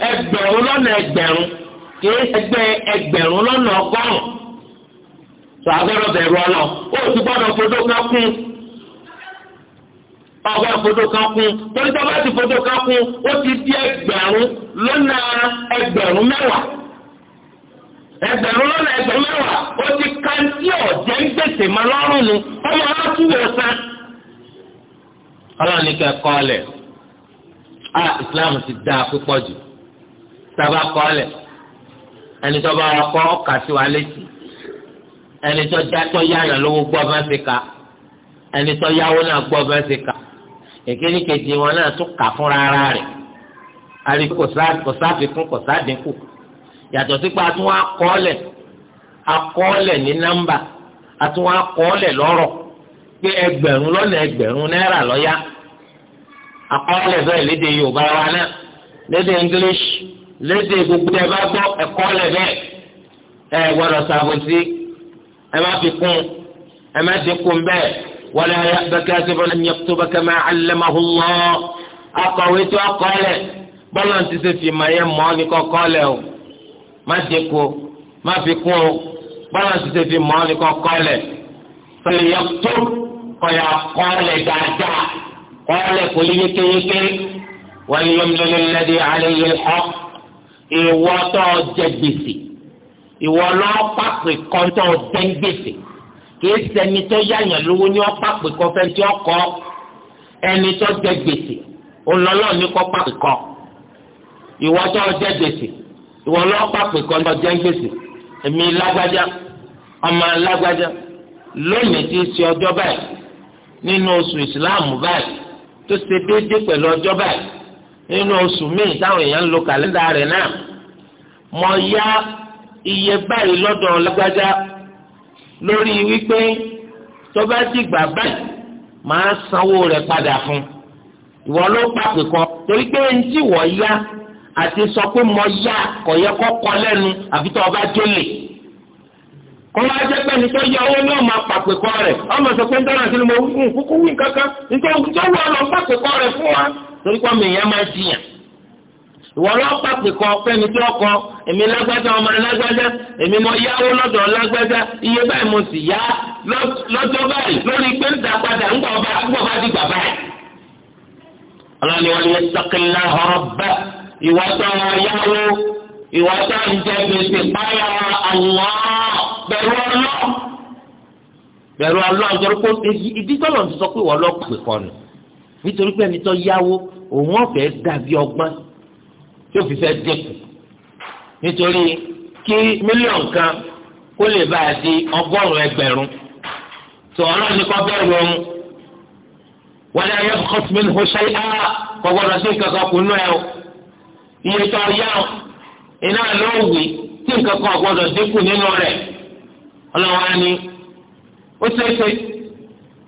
ẹgbẹ̀rún lọ́nà ẹgbẹ̀rún kìí ẹgbẹ́ ẹgbẹ̀rún lọ́nà ọgọ́rùn-ún tó agbọ́dọ̀ bẹ̀rù ọ lọ ó ti gbọ́dọ̀ fojú kan kún ọgbà fodo kan kún torí tó bá ti fodo kan kún ó ti di ẹgbẹ̀rún lọ́nà ẹgbẹ̀rún mẹ́wàá ẹgbẹ̀rún lọ́nà ẹgbẹ̀rún mẹ́wàá ó ti ka tí ọ̀jẹ̀ ń gbèsè mọ́ lọ́rùn nu ọmọ wa tún wò san. ọlọ́run ní kẹ́ kọ́ ọ lẹ̀ á ìsìláàmù ti da púpọ̀ jù sábà kọ́ ọ lẹ̀ ẹni tó bá wọn kọ́ ọkà sí wa létí ẹni tó já tó yáyàn lówó gbọ́ bá ṣe ka ẹni tó yáwó náà gbọ́ bá ṣe ka èkéni kejì wọn náà tún kà fúnra rẹ̀ àríkò sáfikún kò sádínkù kò yàtọ̀ sípa tí wọ́n akọ́ọ̀lẹ̀ akọ́ọ̀lẹ̀ ní nọ́mbà àti wọ́n akọ́ọ̀lẹ̀ lọ́rọ̀ pé ẹgbẹ̀rún lọ́nà ẹgbẹ̀rún náírà lọ́yà akọ́ọ̀lẹ̀ bẹ́ẹ̀ léde Yorùbá wa náà léde English léde gbogbo ẹ bá gbọ́ ẹkọ́ọ̀lẹ̀ bẹ́ẹ̀ ẹ gbọ́dọ̀ ṣàbòsí ẹ má fi kún ẹ má fi kún bẹ́ẹ̀ wala ya'ba katibun an yaktuba kama 'allamahu Allah akọ̀wé tó akọ́ọ̀lẹ̀ bọ́lá ti ṣe fìmọ̀ yẹn mọ́ ní kọ́kọ́ọ̀lẹ̀ o má dínkù o má fi kún o bọ́lá ti tètè mọ́ ọ́ nìkan kọ́lẹ̀ fẹlẹ̀ yẹ tó kọ́yà kọ́lẹ̀ dáadáa kọ́lẹ̀ kò yí yékéyéké wọ́n yọ mílíọ̀nù alẹ́ yẹ ọ́ ìwọ́ tó jẹ gbèsè ìwọ́ lọ́ọ́ pàpè kọ́ńtọ́ dẹ́ gbèsè kìí ṣẹni tó yáyàn lówó ní ọ́ pàpè kọ́fẹ́ tí ó kọ́ ẹni tó jẹ gbèsè òun lọ́lọ́ọ̀ ní kọ́ pàpè kọ́ ìwọ́ tó jẹ gbèsè ìwọ ọlọ́pàá pè kọ́ ọjọ́ jẹ́ńgbèsè èmi lágbájá ọmọ lágbájá lónìí ti ṣe ọjọ́ báyìí nínú oṣù ìsìláàmù báyìí tó ṣe déédéé pẹ̀lú ọjọ́ báyìí nínú oṣù míì táwọn èèyàn ń lo kàlẹ́ndà rẹ̀ náà mo yá iye báyìí lọ́dọ̀ lágbájá lórí wípé tó bá ti gbà báyìí màá sanwó rẹ̀ padà fún ìwọ ló pàpè kan torí pé ẹni tí wọ́n yá àti sọ pé mo yá kò yẹ kọ lẹ́nu àfi tó ọba jólè kọ́ wá jẹ́ pé nítorí yẹ owó ní ọmọ rẹ̀ ọmọ sọ pé ni kúkú wí kankan nítorí tó wù ọmọ àpàpẹ̀kọ́ rẹ̀ fún wa torí pé ọmọ èèyàn máa jiyàn ìwọ lọ́pàá ọkọ èmi lágbájá ọmọ lágbájá èmi mo lọ́dọ̀ lágbájá iye báyìí mo sì yá lọ́jọ́ báyìí ìwà tó ń yáwó ìwà tó ń jẹ gbèsè báyà Allah bẹ̀rù ọlọ́ bẹ̀rù ọlọ́ nítorí pé ìdí tọ́lọ̀ ti sọ pé ìwọ ọlọ́pàá kọ́ ni nítorí pé ẹni tó yáwó òun ọ̀fẹ́ dàbí ọgbọ́n tí ó fi fẹ́ dẹ́kun nítorí kí mílíọ̀nù kan kó lè bá a di ọgọ́rùn-ún ẹgbẹ̀rún tó ọlọ́run ní kọ́ bẹ́ẹ̀ wọ́n wọ́n ayé kọ́sìmínú ṣe á kọ́ gbọ́dọ̀ sí nǹkan kan ẹ̀ iye tó yá ọ iná ló wí tí nǹkan kan gbọdọ̀ dínkù nínú rẹ̀ ọlọ́wọ́ á ó ṣeéṣe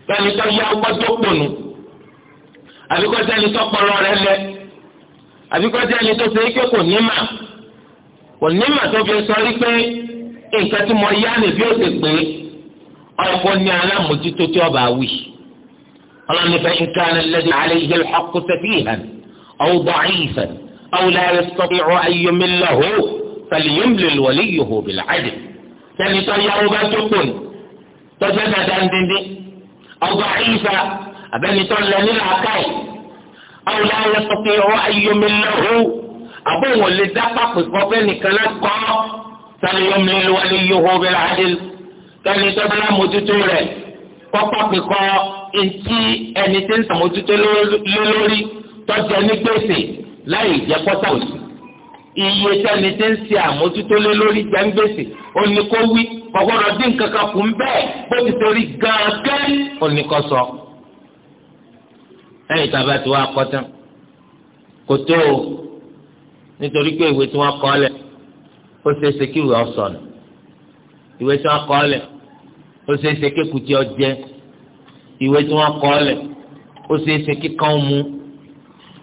sẹ́ni tó yá ọgbọ́ tó pònú àbíkọ́ sẹ́ni tó pọ̀lọ́ rẹ̀ lẹ àbíkọ́ tó ṣe é pé kò ní mà kò ní mà tó fi sọ rí pé nǹkan tí mo yá ni bí ó ní alámòjútó tí ọba wì nǹkan lẹ́dí alẹ́ أو لا يستطيع أن يمله فليملل وليه بالعدل تاني صيّر باتكم تجمع داندين دي أو ضعيفة أبني طلع للعقاي أو لا يستطيع أن يمله أبوه اللي دقق فبني كلاك فليملل وليه بالعدل كان تبلا مجتورة فقط قاء إنتي أنتين تمجتور للوري تجمع láì jẹ́ pọ́tà òsì iye sẹ́ni tí ń ṣe àmójútó lé lórí gbẹ́ngbèsè oníkówí ọgbọ́dọ̀ dín kankan kù ń bẹ́ẹ̀ bó ti torí gángan oníkọ́sọ. ẹ̀yìn tàbá tí wọ́n á kọ́ tán kò tó o nítorí pé ìwé tí wọ́n kọ́ lẹ̀ ó ṣe é ṣe kí ìwé ọ̀sọ̀nù ìwé tí wọ́n kọ́ lẹ̀ ó ṣe é ṣe kékùtì ọjẹ́ ìwé tí wọ́n kọ́ lẹ̀ ó ṣe é ṣe kíkan mú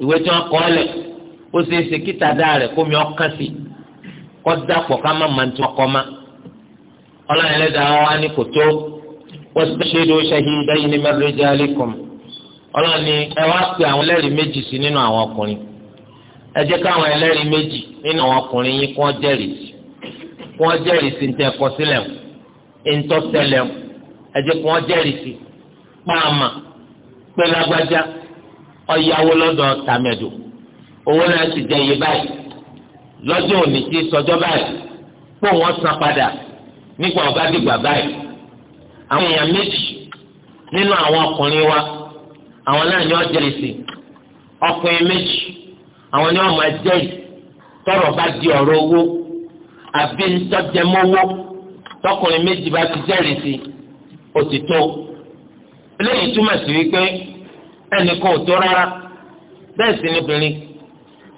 ìwé tí wọ́n kọ́ lẹ̀ ó ṣeé ṣe kí tàdá kó mi ọkàn sí kọ́ dàpọ̀ ká má máa tún ọkọ má ọlọ́run ẹlẹ́dàá wa ní kò tó wọ́n ti ṣe ọlọ́run ni ẹ wá pe àwọn ẹlẹ́rìí méjì sí nínú àwọn ọkùnrin ẹ jẹ́ káwọn ẹlẹ́rìí méjì nínú àwọn ọkùnrin yín kí wọ́n jẹ́rìí sí kí wọ́n jẹ́rìí sí ẹ̀kọ́ sílẹ̀ ẹ jẹ́ wọ́n jẹ́rìí owó náà sì jẹ iye báyìí lọ́jọ́ òní tí sọjọ́ báyìí pé wọ́n san padà nípa ọ̀gá dìgbà báyìí àwọn èèyàn méjì nínú àwọn ọkùnrin wa àwọn náà ni wọ́n jẹ́rìí sí ọkùnrin méjì àwọn ni wọ́n máa jẹ́rìí tọ́rọ̀ bá di ọ̀rọ̀ owó àbí ntọ́jẹmọ́wó tọkùnrin méjì bá ti jẹ́rìí sí òtítọ́ eléyìí túmọ̀ sí wípé ẹnì kan ò tó rárá bẹ́ẹ̀ sì ni obìnrin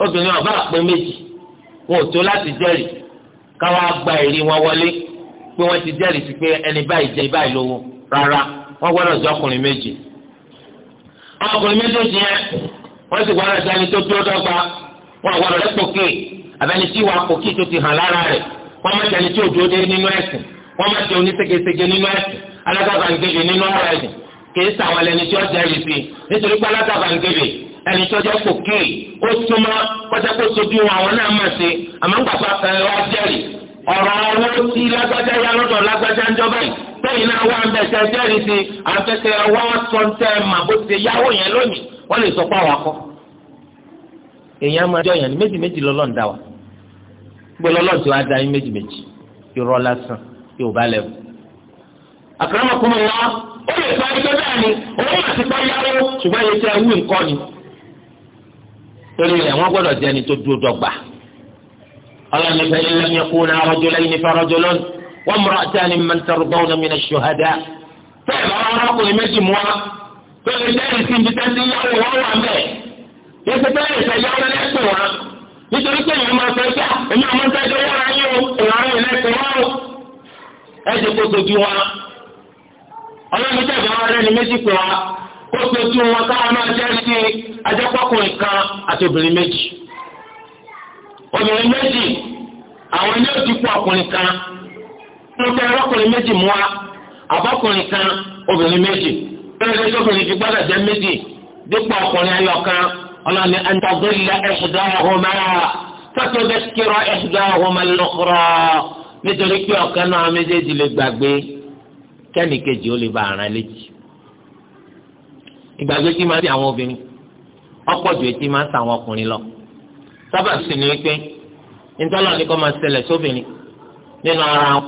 obìnrin ọba àpé méjì wọn ò tó láti jẹ́rìí káwá gba ẹ̀rí wọn wọlé pé wọ́n ti jẹ́rìí sí pé ẹni báyìí jẹ́ báyìí lówó rárá wọ́n gbọ́dọ̀ jẹ́ ọkùnrin méjì. ọkùnrin méjèèjì yẹn wọ́n sì gbọ́dọ̀ jẹ́ ẹni tó dúró dọ́gba wọ́n gbọ́dọ̀ rẹ́ pòkè àbẹ́ni tí wàá pòkè tó ti hàn lára rẹ̀ wọ́n má jẹ́ ẹni tí ò dúró dé nínú ẹ̀sìn wọ́n má jẹ́ oníṣègeṣège nínú ẹ̀sìn alágàbàǹgẹ̀gẹ̀ nínú ẹni tó jẹ́ kò kéè ó súnmọ́ kọjá kó sojú àwọn náà mà ṣe àmọ́ ń gbàgbọ́ àfẹ́rẹ́ wá jẹ́rìí ọ̀rọ̀ owó tí lágbájá yá lọ́dọ̀ lágbájá ń jọba yìí tẹ́yìn náà wá ń bẹ̀ tẹ́ jẹ́rìí sí àfẹ́sẹ̀ wá sọ ń tẹ́ mà bó ti yáwó yẹn lónìí wọ́n lè sọ páwọn akọ. èèyàn máa jọ yàn ní méjì méjì lọ́lọ́run dá wa gbé lọ́lọ́run tí wàá da yín méjì méjì irọ́ lásán yóò bá lẹ́wọ̀. àkàrà ọmọkùnrin wa ó lè sọ ẹgbẹ́ bẹ́ẹ̀ ni òun àti torí rẹ̀ wọ́n gbọ́dọ̀ jẹ́ ẹni tó dúró dọ́gba. ọlọ́ni fẹ́ ilé ń yẹkú náà rọ́jò lẹ́yìn ìfẹ́ rọ́jò lọ́n wọ́n mú ọ̀tá ni mẹ́tẹ́rù bọ́ọ̀ náà mìíràn ṣùhádà. bẹ́ẹ̀ bá wọn ọkùnrin méjì mú wa tó lè dẹ́rì sí ibi tẹ́sí yàwó wọn wà mẹ́ẹ̀. yẹ́sẹ̀ bẹ́ẹ̀ ìfẹ́ yàwó lẹ́sẹ̀ wọn nítorí pé èèyàn máa fẹ́ ká èmi àwọn tẹ́jọ́ yára yín o ìlànà ìlẹ́sẹ̀ wọn o. ẹ ti kó sojú wọn. ọlọ́run tẹ̀sán wọn lẹ́ni méjì pé wa kó sojú wọn káwọn àti obìnrin méjì obìnrin méjì àwọn ilé òdìpọ̀ ọkùnrin kan ń tẹ ọkùnrin méjì mú wa àbọ̀kùnrin kan obìnrin méjì bẹ́ẹ̀ lẹ́yìn obìnrin ti gbọ́dọ̀ jẹ́ méjì dípò ọkùnrin ayọ̀kan ọlọ́ni ẹ̀ńtàgbélé ihdahuma fatudhakkira ihdahuma al-ukhra nítorí pé ọ̀kan náà méjèèjì lè gbàgbé kẹ́nìkejì ó lè bá ara létí ìgbàgbé kí máa di àwọn obìnrin ọpọ ju etí máa ń sàwọn lọ sábà sì ní pé ntọ́lọ́ ni kò máa ara wọn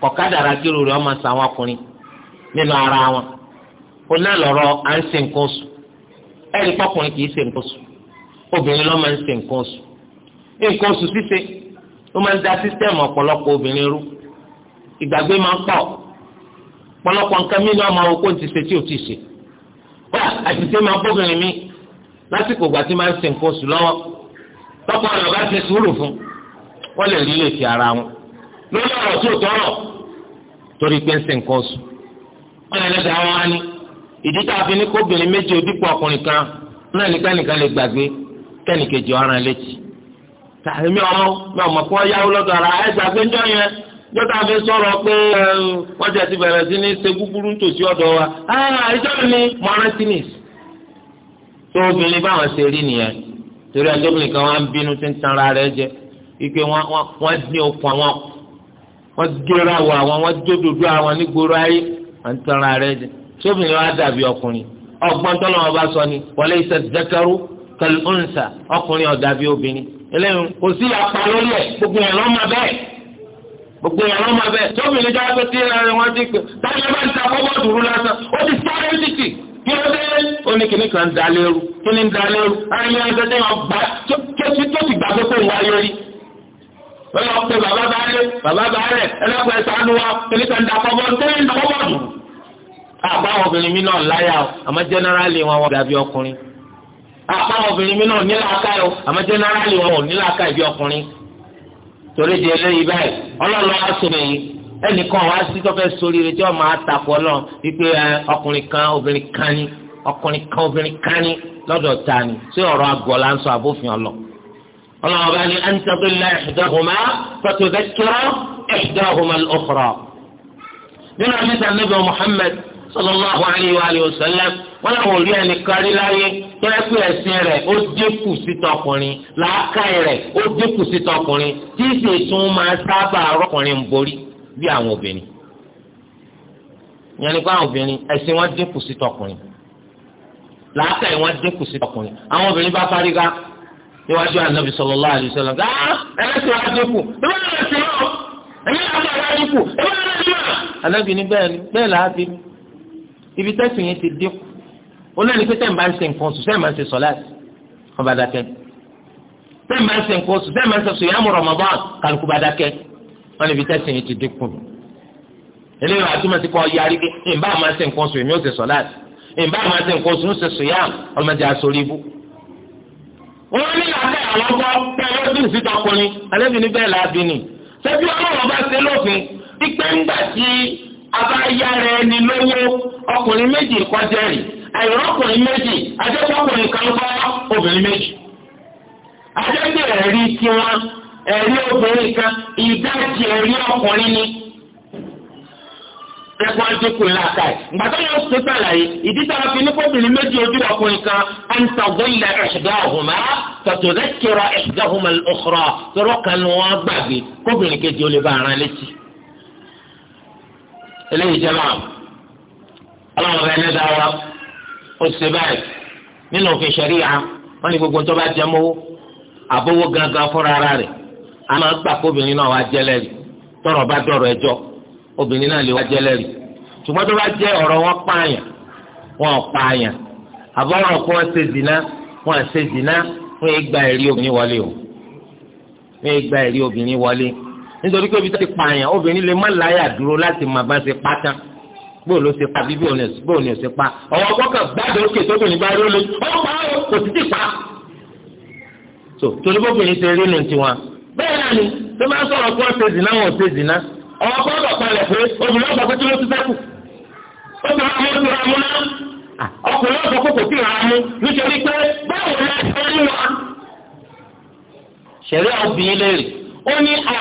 kọ̀kadàrà kírun rẹ̀ ọmọ sàwọn ọkùnrin nínú ara wọn ó náà lọrọ à ń ṣe nǹkan oṣù ẹ̀rí pọ́kùnrin kì í ṣe nǹkan oṣù obìnrin máa ń nǹkan oṣù nǹkan oṣù ṣíṣe ó máa ń da sísítẹ́ẹ̀mù ọ̀pọ̀lọpọ̀ obìnrin rú ìgbàgbé máa ń pọ̀ ọ̀pọ̀lọpọ̀ nǹkan lásìkò ìgbà tí máa ń sin nǹkan oṣù lọ́wọ́ tọkọ rẹ̀ bá ti sùúrù fún wọ́n lè rí lè fi ara wọn lórí ọ̀rọ̀ tó tọrọ torí pé ń sin nǹkan oṣù wọ́n lè lẹ́sẹ̀ àwọn wani ìdí tá a fi ní kóbìnrin méje òdìpọ ọkùnrin kan náà ní kánìkan lè gbàgbé kẹ́nìkejì ọ̀ràn létí tàbí ọmọ mi ọmọ kọ yáwó lọ́dọ̀ ara ẹ gbàgbé ńjọ́ yẹn jọta fi sọ̀rọ̀ pé wọ́n ti bẹ̀rẹ̀ sí ní ṣe gúgúrú nítòsí ọ̀dọ̀ wa ah, ìjọba ni mọ̀rántínìsì tó obìnrin báwọn ṣe rí nìyẹn torí ẹjọ́ obìnrin kan wọ́n bínú tí ń tanra rẹ̀ jẹ ike wọ́n dín okùn àwọn wọ́n gẹ́rọ àwọ̀ àwọn wọ́n jódodo àwọn nígboro ayé wọ́n tanra rẹ̀ jẹ tí obìnrin wa dàbí ọkùnrin ọgbọ́n tọ́lọ́wọ́n bá sọ ni wọlé iṣẹ́ zakaru kẹlẹ́ọ̀nsà ọkùnrin ọ̀dàbí obìnrin eléyìí kò sí apá lórí ẹ̀ gbogbo ẹ̀ lọ́mọ bẹ́ẹ̀ gbogbo ẹ̀ lọ́mọ bẹ́ẹ̀ tí obìnrin jáde tó ti rẹ̀ wọ́n ti pè kí ló dé ó ní kíní kan da lérú kíní da lérú ayé ọjọ́ tí tó ti gbà kó ń wáyé rí wọ́n yọ pé bàbá bá rẹ̀ bàbá bá rẹ̀ ẹlẹ́kọ̀ọ́ ẹ̀ sànú wa kíní kan da kọ́ àbá obìnrin mi náà láyà o àmọ́ jẹ́nẹ́rálì wọn wọ́n dàbí ọkùnrin àbá obìnrin mi náà àmọ́ jẹ́nẹ́rálì wọn ìbí ọkùnrin torí di ẹnìkan wá sí tó fẹ́ sórí rẹ tí wọ́n máa takò ọlọ́run wípé ọkùnrin kan obìnrin kan ni ọkùnrin kan obìnrin kan ni lọ́dọ̀ ta ni ṣé ọ̀rọ̀ àgọ́ la ń sọ àbófin ọlọ. ọlọ́run bá ní ẹnìtàbílẹ̀ ihdahuma fatudhakkira ihdahuma al-ukhra. nínú àmìta níbi Muhammad sallallahu alayhi wa alihi wa sallam wọn làwọn ò rí láyé tẹ́lẹ̀kù ẹ̀sìn rẹ̀ ó dínkù síta ọkùnrin làákàyè rẹ̀ ó dínkù síta ọkùnrin tí ìṣètò máa sábà rọkùnrin borí bí àwọn obìnrin yẹn ni pé àwọn obìnrin ẹ̀sìn wọn dínkù sí tọkùnrin làákàyè wọn dínkù sí tọkùnrin àwọn obìnrin bá parí ká níwájú ànábì sallallahu alaihi wasallam ká ẹlẹ́sìn wọn dínkù ẹ̀mí ẹ̀sìn wọn ẹ̀mí ẹ̀sìn wọn dínkù ẹ̀mí ẹ̀sìn wọn. ànábì ni bẹ́ẹ̀ ni bẹ́ẹ̀ là á bí ibi tẹ́sìn yẹn ti dínkù olóyìn pé tẹ́ǹbà ń ṣe nǹkan oṣù tẹ́ǹbà ń ṣe sọ́láàtì ọba dákẹ́ tẹ́ǹbà ń ṣe nǹkan oṣù tẹ́ǹbà ń ṣe sùyàmù Ramadan kálukú bá dákẹ́ wọn níbi tẹ́sán yìí ti dínkù eléyìí wọn àtúmọ̀ sí kọ́ yarí pé ìbá àmọ́ ṣe nǹkan oṣù èmi ò ṣe sọ láti ìbá àmọ́ ṣe nǹkan oṣù ń ṣe sùyàm ọlọ́mọdé asorí ibú. wọn ní làbẹ́ àwọn gbọ́ bẹ́ẹ̀ lọ́dún ìsìtọ́ ọkùnrin alẹ́bí ní bẹ́ẹ̀ làbí ni ṣebí ọlọ́run bá ṣe lófin ìpẹ́ ńgbà tí a ẹni lówó ọkùnrin méjì kọjá rì àìrọ́ méjì ajẹ́kọ̀ọ́kùnrin kan kọ́ ẹ̀rí obìnrin kan ìdájì ẹ̀rí ọkùnrin ni ẹ̀gbọ́n ti kù láàká ẹ̀. ìgbà tó yẹ kó sàlàyé ìdí tá a fi ní kóbìnrin méjì ojú ọkùnrin kan àǹtàgbọ́nlẹ̀ ihdahuma fatudhakkira ihdahuma al-ukhra tọrọ kan ni wọ́n gbàgbé kóbìnrin kejì ó lè bá ara létí. eléyìí jẹ́ máa ọlọ́run ọba ní gbogbo àbówó gangan fúnra rẹ̀ a máa gbà kóbìnrin náà wá jẹ́ lẹ́rìí tọ́rọ̀ bá dọ̀rọ̀ ẹjọ́ obìnrin náà lè wá jẹ́ lẹ́rìí ṣùgbọ́n tó bá jẹ́ ọ̀rọ̀ wọn pààyàn wọn ò pààyàn àbọ̀rọ̀ kó wọn ṣe zìnà wọn à ṣe zìnà wọn yé gba ẹ̀rí obìnrin wọlé o wọn yé gba ẹ̀rí obìnrin wọlé nítorí pé ibi tó ti pààyàn obìnrin lè má láyà dúró láti má bá ṣe pátán bóò ló ṣe pa bíbí òun ni ò ṣe pa ọwọ́ gbọ́kàn gbádùn òkè tó bìnrin bá rí ó lé kò sì ti pa. tó torí bóbìnrin ṣe rí nù tiwọn bẹ́ẹ̀ náà ni tó máa sọ̀rọ̀ kó ṣe zìnà wọn ṣe zìnà ọ̀rọ̀ gbọ́dọ̀ palẹ̀ pé obìnrin ọ̀sọ̀ pé kí ló ti sẹ́kù obìnrin ọmọ ti ra mú ná ọkùnrin ọ̀sọ̀ pé kò tí ì ra mú nítorí pé báwo ni ẹ ń wá. ṣẹ̀rí obìnrin léèrè ó ní à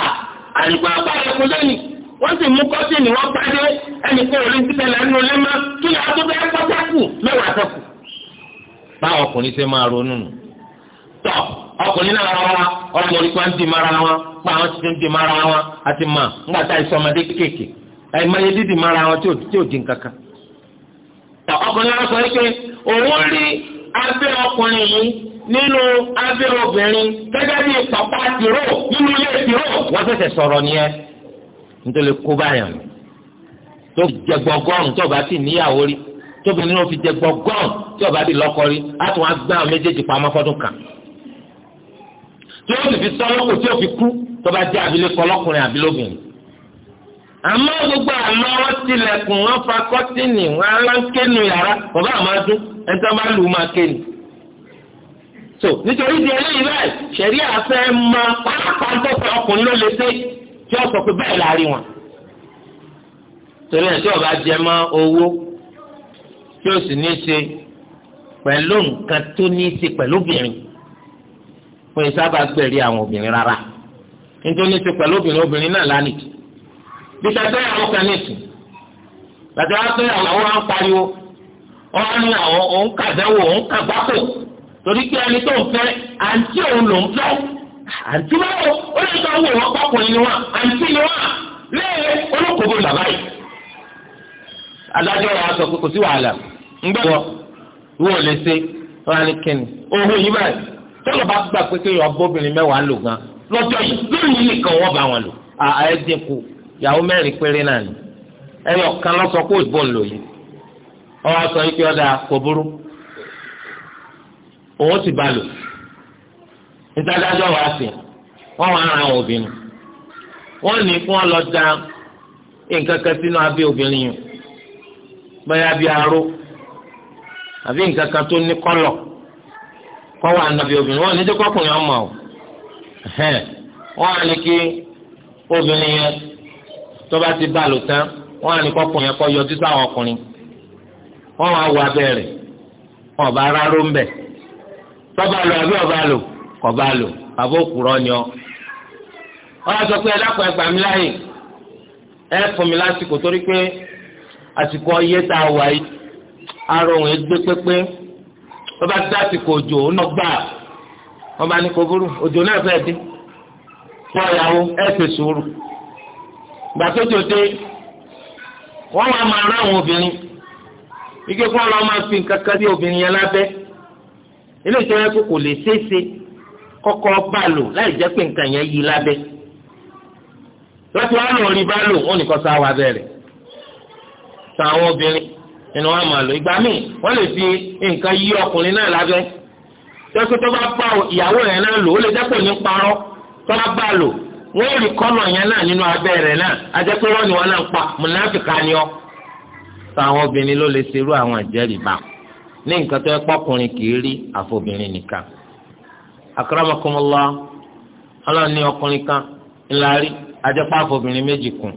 àyùkọ́ apalẹ̀ kú lónìí wọ́n sì mú kọ́sìnì wọ́n pàdé ẹnì kan ò ní síbẹ̀ lẹ́nu lé má kí ni àtúntò ẹ̀ pọ́ sẹ́kù mẹ́wàá sẹ́kù. báwọn ọkùnrin ṣe máa ronú nù tọ́ ọkùnrin náà rárá ọmọ orí pa di mara wọn pa àwọn ti di mara wọn àti ma ńgbà tá ìsọmọdé keke àìmọye dídì mara wọn tí ò di nǹkankan. ọkùnrin náà sọ pé òun rí abẹ́ ọkùnrin yìí nínú abẹ́ obìnrin gẹ́gẹ́ bí pàpà tìró nínú ilé tìró. wọ́n sọ̀rọ̀ nítorí kó tó jẹ gbọgọrùn tó bá sì níyàwó rí tóbi fi jẹ gbọgọrùn ọba rí àwọn méjèèjì pamọ́ kan. tí ó sì fi sọ́lọ́wọ́ tí ó fi kú tó bá jẹ́ abilékọ ọlọ́kùnrin abilóbìnrin. àmọ́ gbogbo àmọ́ wọn tilẹ̀kùn wọn fa kọ́tìnì wọn aláǹkénu yàrá bàbá àmọ́dún ẹni tó bá lù ú máa kéènì. so nítorí di eléyìí báyìí ṣẹ̀rí àfẹ́ máa pàápàá tó fẹ́ ọkùnrin ló lè dé tí ó sọ pé bẹ́ẹ̀ la rí wọn. torí ẹ̀ tí ọba jẹ mọ́ owó tí ó sì ní í ṣe pẹ̀lú nǹkan tó ní í fún yìí sábà gbẹ̀rí àwọn obìnrin rárá nítorí ti pẹ̀lú obìnrin obìnrin náà lánìí bí tẹ́tẹ́ àwọn kan nìkú tàbí wọ́n pé àwọn wọn pariwo wọ́n ní àwọn òun òun kàgbákò torí pé ẹni tó ń fẹ́ àǹtí òun ló ń fẹ́ àǹtí báwo ó lè sọ wò wọ́n ni wọ́n àǹtí ni wọ́n lẹ́yìn olókòwò bàbá yìí adájọ́ wa sọ pé kò sí wàhálà ń gbọ́ wọ́n lè ṣe wọ́n á tọ́lọ̀ bá gbà pé kéèyàn bóbìnrin mẹ́wàá lò gan lọ́jọ́ yìí lónìí nìkan wọ́n bá wọn lò àá dínkù ìyàwó mẹ́rin péré náà ni ẹyọ kan lọ́sọ kó ìbò ń lò yìí ọwọ́ sọ yìí pé ọ̀dà kò burú òun sì bá lò ìtadájọ́ wa sí wọ́n wá ara àwọn obìnrin wọ́n ní kí wọ́n lọ da nǹkan kan sínú abẹ́ obìnrin yìí bẹ́ẹ̀ abẹ́ aró àbí nǹkan kan tó ní kọ́lọ̀ kọ́wọ́ ànábì obìnrin wọn ò ní jẹ́ kọ́kùnrin ọmọ o wọn á ní kí obìnrin yẹn tó bá ti bá lò tán wọn á ní kọ́kùnrin yẹn kọ́ yọjú sáwọn ọkùnrin wọn á wọ abẹ́ rẹ̀ wọn ọba ara ló ń bẹ̀ tọ́ba lò àbí ọba lò kọ́ba lò àbó kúrọ́ ni ọ. wọn á sọ pé ẹ dákun ẹ láàyè ẹ fún mi lásìkò torí pé àsìkò ọyẹ tá a wà yìí ara gbé pépé wọ́n bá dáàtì kò jò ó náà gbà wọ́n bá ní kò burú òjò náà fẹ́ẹ́ dé fún ọ̀yàwó ẹ̀ ṣe sùúrù gbà tó jò dé wọ́n wá máa rán àwọn obìnrin ike kó ọlọ́ máa fi nǹkan kan sí obìnrin yẹn lábẹ́ ilé ìṣẹ́yẹ kò kò lè ṣeéṣe kọ́kọ́ bá lò láì jẹ́ pé nǹkan yẹn yí lábẹ́ láti wá lọ rí bá lò ó nìkan sá wa bẹ̀rẹ̀ sàwọn obìnrin nínú wọn máa lò ìgbà míì wọn lè fi nǹkan yí ọkùnrin náà lábẹ́ tẹsí tó bá bá ìyàwó yẹn náà lò ó lè dẹ́kun ní parọ́ tó bá bá lò wọn rí kọ́nà yẹn náà nínú abẹ́ rẹ̀ náà ajẹ́pẹ́ wọn ni wọn náà ń pa mùnáfìkà ni ọ. táwọn obìnrin ló lè ṣerú àwọn ìjẹ́rìí bá ní nǹkan tó yẹ pọ́kùnrin kì í rí àfọbìnrin nìkan. akramakumullah ọlọ́run ní ọkùnrin kan ńlá rí ajẹ́pẹ́ àfọbìnrin méjì kù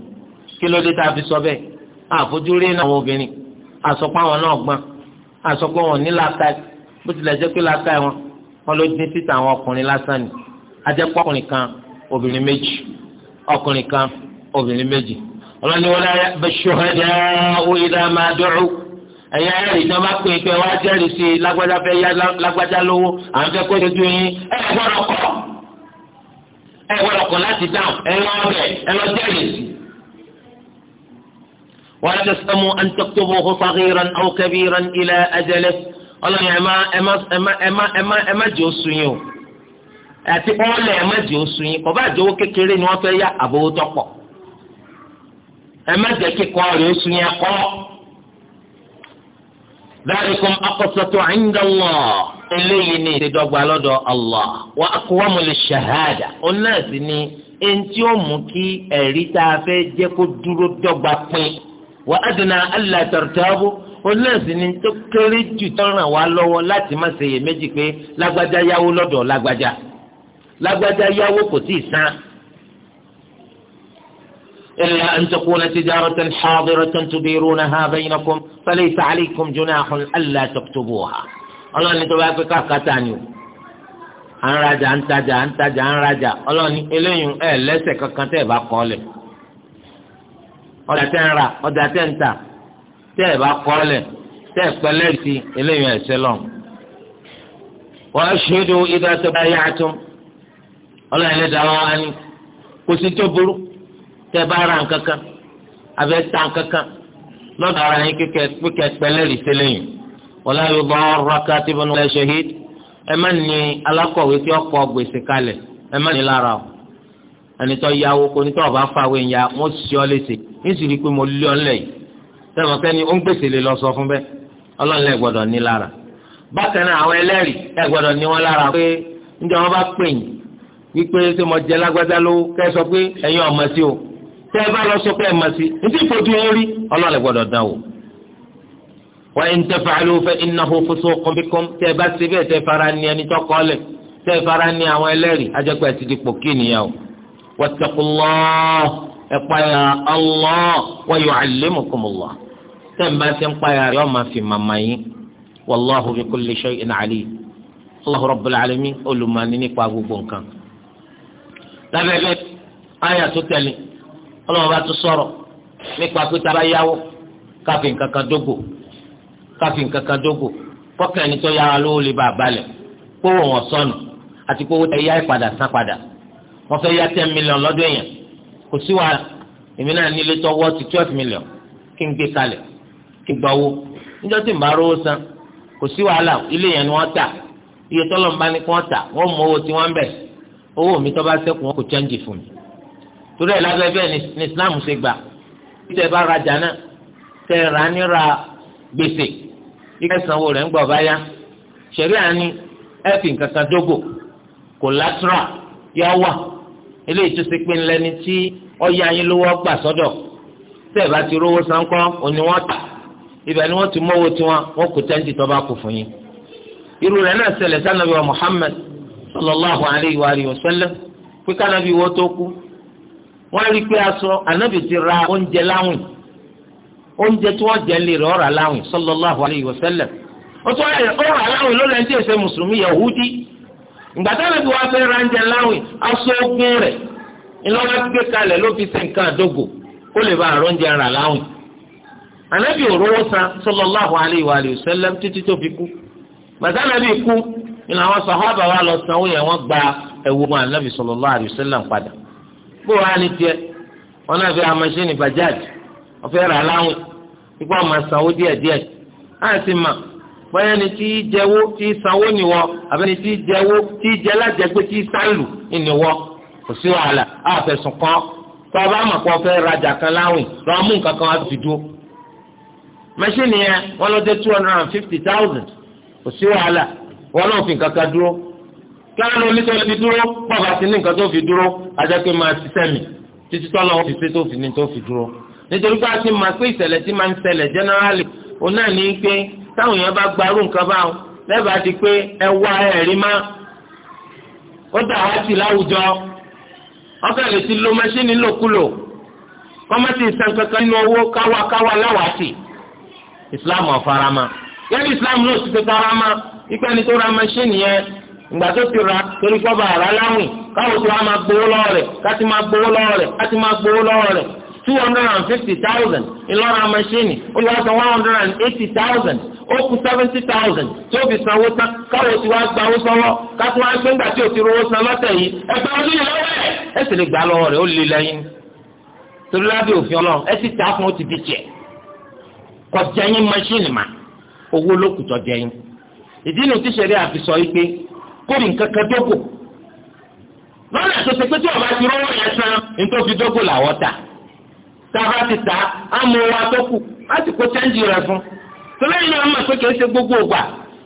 kí ló dé tá a fi sọ bẹ́ẹ̀ àfojúrí náà àwọn obìnrin àsọpọ̀ àwọn náà gbọ́n àsọpọ̀ wọn ní làákàyè bó tilẹ̀ jẹ́ pé làákàyè wọn wọn ló dín títà àwọn ọkùnrin lásán ni ajẹ́pọ̀ ọkùnrin kan obìnrin méjì ọkùnrin kan obìnrin méjì ọlọ́ni wọn lẹ́yà bẹ́sọ̀hẹ́dẹ́ òyìnbá máa dọ̀rọ̀ ẹ̀yà ẹ̀rì tí wọ́n bá pè pé wọ́n á jẹ́rìí sí lágbájá fẹ́ yá lágbájá lówó àwọn fẹ́ kó dojú yín ẹ̀ gbọ́dọ̀ kọ́ ẹ̀ gbọ́dọ̀ kọ́ láti dáhùn ẹ̀ lọ́ọ̀rẹ̀ ẹ̀ lọ́ọ́ jẹ́rìí sí. ولا تسأموا أن تكتبوه صغيرا أو كبيرا إلى أجله ọlọ́ni ẹ má ẹ má ẹ má ẹ má ẹ má ẹ má jẹ́ oṣù yín o àti ọ̀lẹ̀ ẹ má jẹ́ oṣù yín kọ̀ bá jọ̀wọ́ kékeré ni wọ́n fẹ́ yá àbówó tọ́pọ̀ ẹ má jẹ́ kíkọ́ rẹ̀ oṣù yín ẹ̀kọ́ dalikum aqsatu inda Allah eléyìí ni ìdẹ́dọ́gba lọ́dọ̀ Allah wa aqwamu lish-shahada òun náà sì ni ẹni tí ó mú kí ẹ̀rí tá a fẹ́ jẹ́ kó dúró dọ́gba pín wà á dùn náà allah tọ̀rọ̀tàbù onílẹ̀sìn ni tó kéré jù tó ràn wá lọ́wọ́ láti má ṣe iyèméjì pé lágbájá yáwó lọ́dọ̀ lágbájá lágbájá yáwó kò tí ì san. إلا أن تكون تجارة حاضرة تديرونها بينكم فليس عليكم جناح ألا تكتبوها ọlọ́ni tó bá pé káàkátà ni o à ń rajà à ń tajà à ń tajà à ń rajà ọlọ́ni eléyìí ẹ lẹ́sẹ̀ kankan tẹ́ ẹ bá kọ́ lẹ̀ ọjà tẹ́ ń ra ọjà tẹ́ ń tà tẹ́ ẹ̀ bá kọ́lẹ̀ tẹ́ ẹ̀ pẹ́lẹ́ sí eléyìí lọ. wa ashhadu idha tabaya'tum ọlọ́run ẹlẹ́dàá wọn á kò sí tó burú bá ra nǹkan kan nǹkan kan ara yín rí ẹ má ní tí gbèsè ẹ ọba fáwé ń ya sì nísìrí pé mo lé ọlẹ́ yìí tẹ́lọ̀ sẹ́ni ó ń gbèsè lè lọ sọ fún bẹ́ẹ̀ ọlọ́ọ̀lẹ́ gbọ́dọ̀ ní lára bákan náà àwọn ẹlẹ́rìí ẹ gbọ́dọ̀ ní wọn lára pé níjẹ́ wọn bá pè yín wípé ṣé mo jẹ lágbádá sọ pé sí o tẹ́ ẹ bá lọ sọ pé sí i ní fojú wọn rí dán o. wa in taf'alu fa innahu fusuqun bikum tẹ́ ẹ bá ṣe bẹ́ẹ̀ fara ní ẹni fara o ẹ̀páyà Allah wa yu'allimukumullah tẹ́ǹbà ti ń páyà rẹ̀ ọmọ fi màmá yín wallahu bi kulli shay'in alim Allahu rabbil alamin olùmọ̀ọ́ni nípa gbogbo nǹkan. lábẹ́lẹ́ ayà tó tẹ̀lé ọlọ́run sọ̀rọ̀ nípa pé tara yáwó káfí nǹkan dógò káfí nǹkan dógò ẹni tó yára lè bá a balẹ̀ kówó wọn sọnù àti kówó yá padà wọ́n fẹ́ yá ten million lọ́dún kò sí wàhálà èmi náà nílé tọwọ́ ti twelve million kí n gbé kalẹ̀ kí gba owó níjọ́ tí n bá rówó san kò sí wàhálà ilé yẹn ni wọ́n tà iye tọ́lọ̀ ń bá ní kí wọ́n tà wọ́n mú owó tí wọ́n ń bẹ̀ owó mi tó bá sẹ́kù wọn kò chẹ́ǹjì fún mi torí ẹ̀ lábẹ́ bẹ́ẹ̀ ni Islam ṣe gbà títẹ̀ bá rajà náà tẹ̀ rà níra gbèsè ike sanwó rẹ̀ ń gbọ̀ báyá ṣẹ̀rí àní ẹ̀fìn kankan dógò collateral yà wà eléyìí tó ṣe pé ńlẹ́ni tí ọyẹ ayé lówó gbà sọ́dọ̀ tẹ́ ẹ̀ bá ti rówó sáńkọ́ òní wọ́n tà ibẹ̀ ni wọ́n ti mọ́wó tiwọn wọ́n kò tẹ́ǹtì tó bá kù fún yín. irú rẹ̀ náà Muhammad sallallahu alayhi wa alihi wa sallam pé kanabi wo tó kú ra oúnjẹ láwìn oúnjẹ tí jẹ lè sallallahu alayhi wa sallam ó tún ọ̀rà láwìn ló lẹ́ńtì ẹ̀sẹ̀ mùsùlùmí yahudi ìgbàdá rẹ̀ bí wọ́n fẹ́ ra oúnjẹ láwìn aṣọ ogun rẹ ńlọ́wọ́ gbé kalẹ̀ ló fi ṣe nǹkan kó lè bá àrọ́njẹ rà láwìn. ànábì òróró san sallallahu alayhi wa sallam títí tó fi kú gbàdá rẹ̀ kú ìlànà àwọn sàhábà wa lọ sanwó yẹn wọ́n gba ẹ̀wù wọn ànábì sallallahu alayhi padà. bó wàá ní wọn náà bajaj láwìn sanwó bóyá ni tí í jẹwó tí í sanwó níwọ àbẹ́ni tí í jẹwó tí í jẹ lájẹgbé tí í sáìlù níwọ kò sí wàhálà àfẹ̀sùn kan tó o bá mọ̀ pé o fẹ́ rajà kan láwìn lọ́ọ́ mú nǹkan kan wá dúró. mẹ́ṣíìnì yẹn wọ́n lọ dé two hundred and fifty thousand kò sí wàhálà wọ́n náà fi nǹkan kan dúró. kíláàánú onítọ̀ fi dúró pọ̀bà sí ní nǹkan tó fi dúró ajẹ́pẹ́ máa ṣiṣẹ́ mi títí tọ́lọ́ wọn fi ṣe tó fi ní tó fi dúró. nítorí pé a ti mọ̀ pé ìṣẹ̀lẹ̀ tí máa ń ṣẹlẹ̀ generally òun náà ní pé táwọn èèyàn bá gbarú nǹkan báwọn lẹ́bàá ti pé ẹ wá ẹ̀rí má ó dà wá sí láwùjọ ọkọ lè ti lo mẹsìnì lòkulò kọ́mẹ́tì ìsàn kankan nínú owó káwa káwa láwàásì Islam ọ̀farama Islam náà ti ti farama ipa ẹni tó ra mẹsìnì yẹn ìgbà tó ti ra torí kọ́ba àrà láwìn káwọn tó wá máa gbowó lọ́wọ́ rẹ̀ káti máa gbowó lọ́wọ́ two hundred and fifty thousand ìlọ́ra mẹ́ṣíìnì ó lọ́wọ́ san one hundred and eighty thousand ó kù seventy thousand tí ó fi sanwó tán káwọ́ tí wàá gba owó sanwó kátó wàá gbẹ́ngbà tí ò ti rówó san lọ́tẹ̀ yìí ẹgbẹ́ ọdún yìí lọ́wọ́ ẹ̀ ẹ sì lè gbà lọ́wọ́ rẹ̀ ó lè lẹ́yìn torí lábẹ́ òfin ọlọ́run ẹ sì tà fún ó ti di tiẹ̀ kọjá yín mẹ́ṣíìnì mà owó lókùtọ̀ jẹ yín ìdí inú tíṣẹ̀rí àfisọ yìí pé kórì nǹkan kan dógò lọ́nà tó ṣe pé tí ọba ti rówó yẹn san ní tó fi dógò làwọ́ ta tába ti ta amọ̀ wa láti kó chẹ́ńjì rẹ̀ fún. náà gbogbo ògbà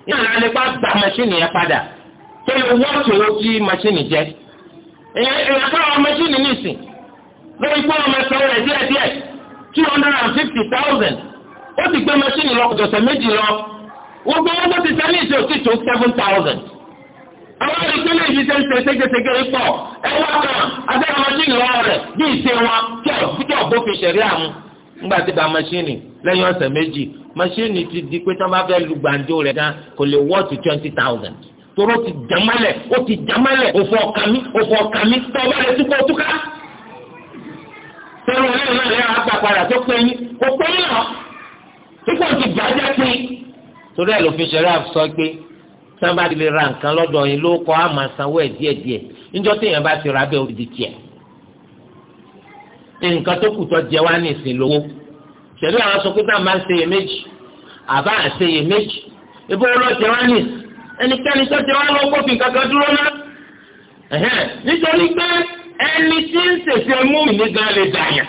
yóò gba mẹ́ṣíìnì yẹn padà tó lè wọ́ọ̀tì owó tí mẹ́ṣíìnì jẹ́. èèyàn kọ́ àwọn mẹ́ṣíìnì nìsín lórí pé rẹ̀ two hundred and fifty thousand ó ti gbé lọ kọ̀jọ̀sẹ̀ méjì lọ gbogbo owó tó ti sẹ́ ní seven thousand. àwọn àdìgbélé yìí ṣe ń ṣe ségesège pọ̀ ẹ kan abẹ́rẹ́ mọ́ṣíìnì wọn rẹ̀ bí ìṣe wọn kí ọ̀bọ̀fin ṣẹ̀rí àmú ńgbà tí ba lẹ́yìn ọ̀sẹ̀ méjì ti di pé fẹ́ kò lè twenty thousand toro ti jamalẹ̀ o ti jamalẹ̀ òfò ọ̀kàmí òfò ọ̀kàmí tọ́ba rẹ̀ náà lẹ́yìn tó pé yín kò pé yín tán bá ti lè ra nǹkan lọ́dọ̀ yín ló kọ́ àmọ́ sanwó ẹ̀ díẹ̀díẹ̀ níjọ́ téèyàn bá ti ra bẹ́ẹ̀ ó di tiẹ̀ nǹkan tó kù tó jẹ wá ní ìsìn lówó ṣẹlẹ̀ àwọn sọ pé tá máa ń ṣe iye méjì àbá à ń ṣe iye méjì ibo ló jẹ wá ní ẹnikẹ́ni tó jẹ wá lọ́wọ́ kófin kankan dúró ná nítorí pé ẹni tí ń ṣèṣe mú mi ní gan lè dàyà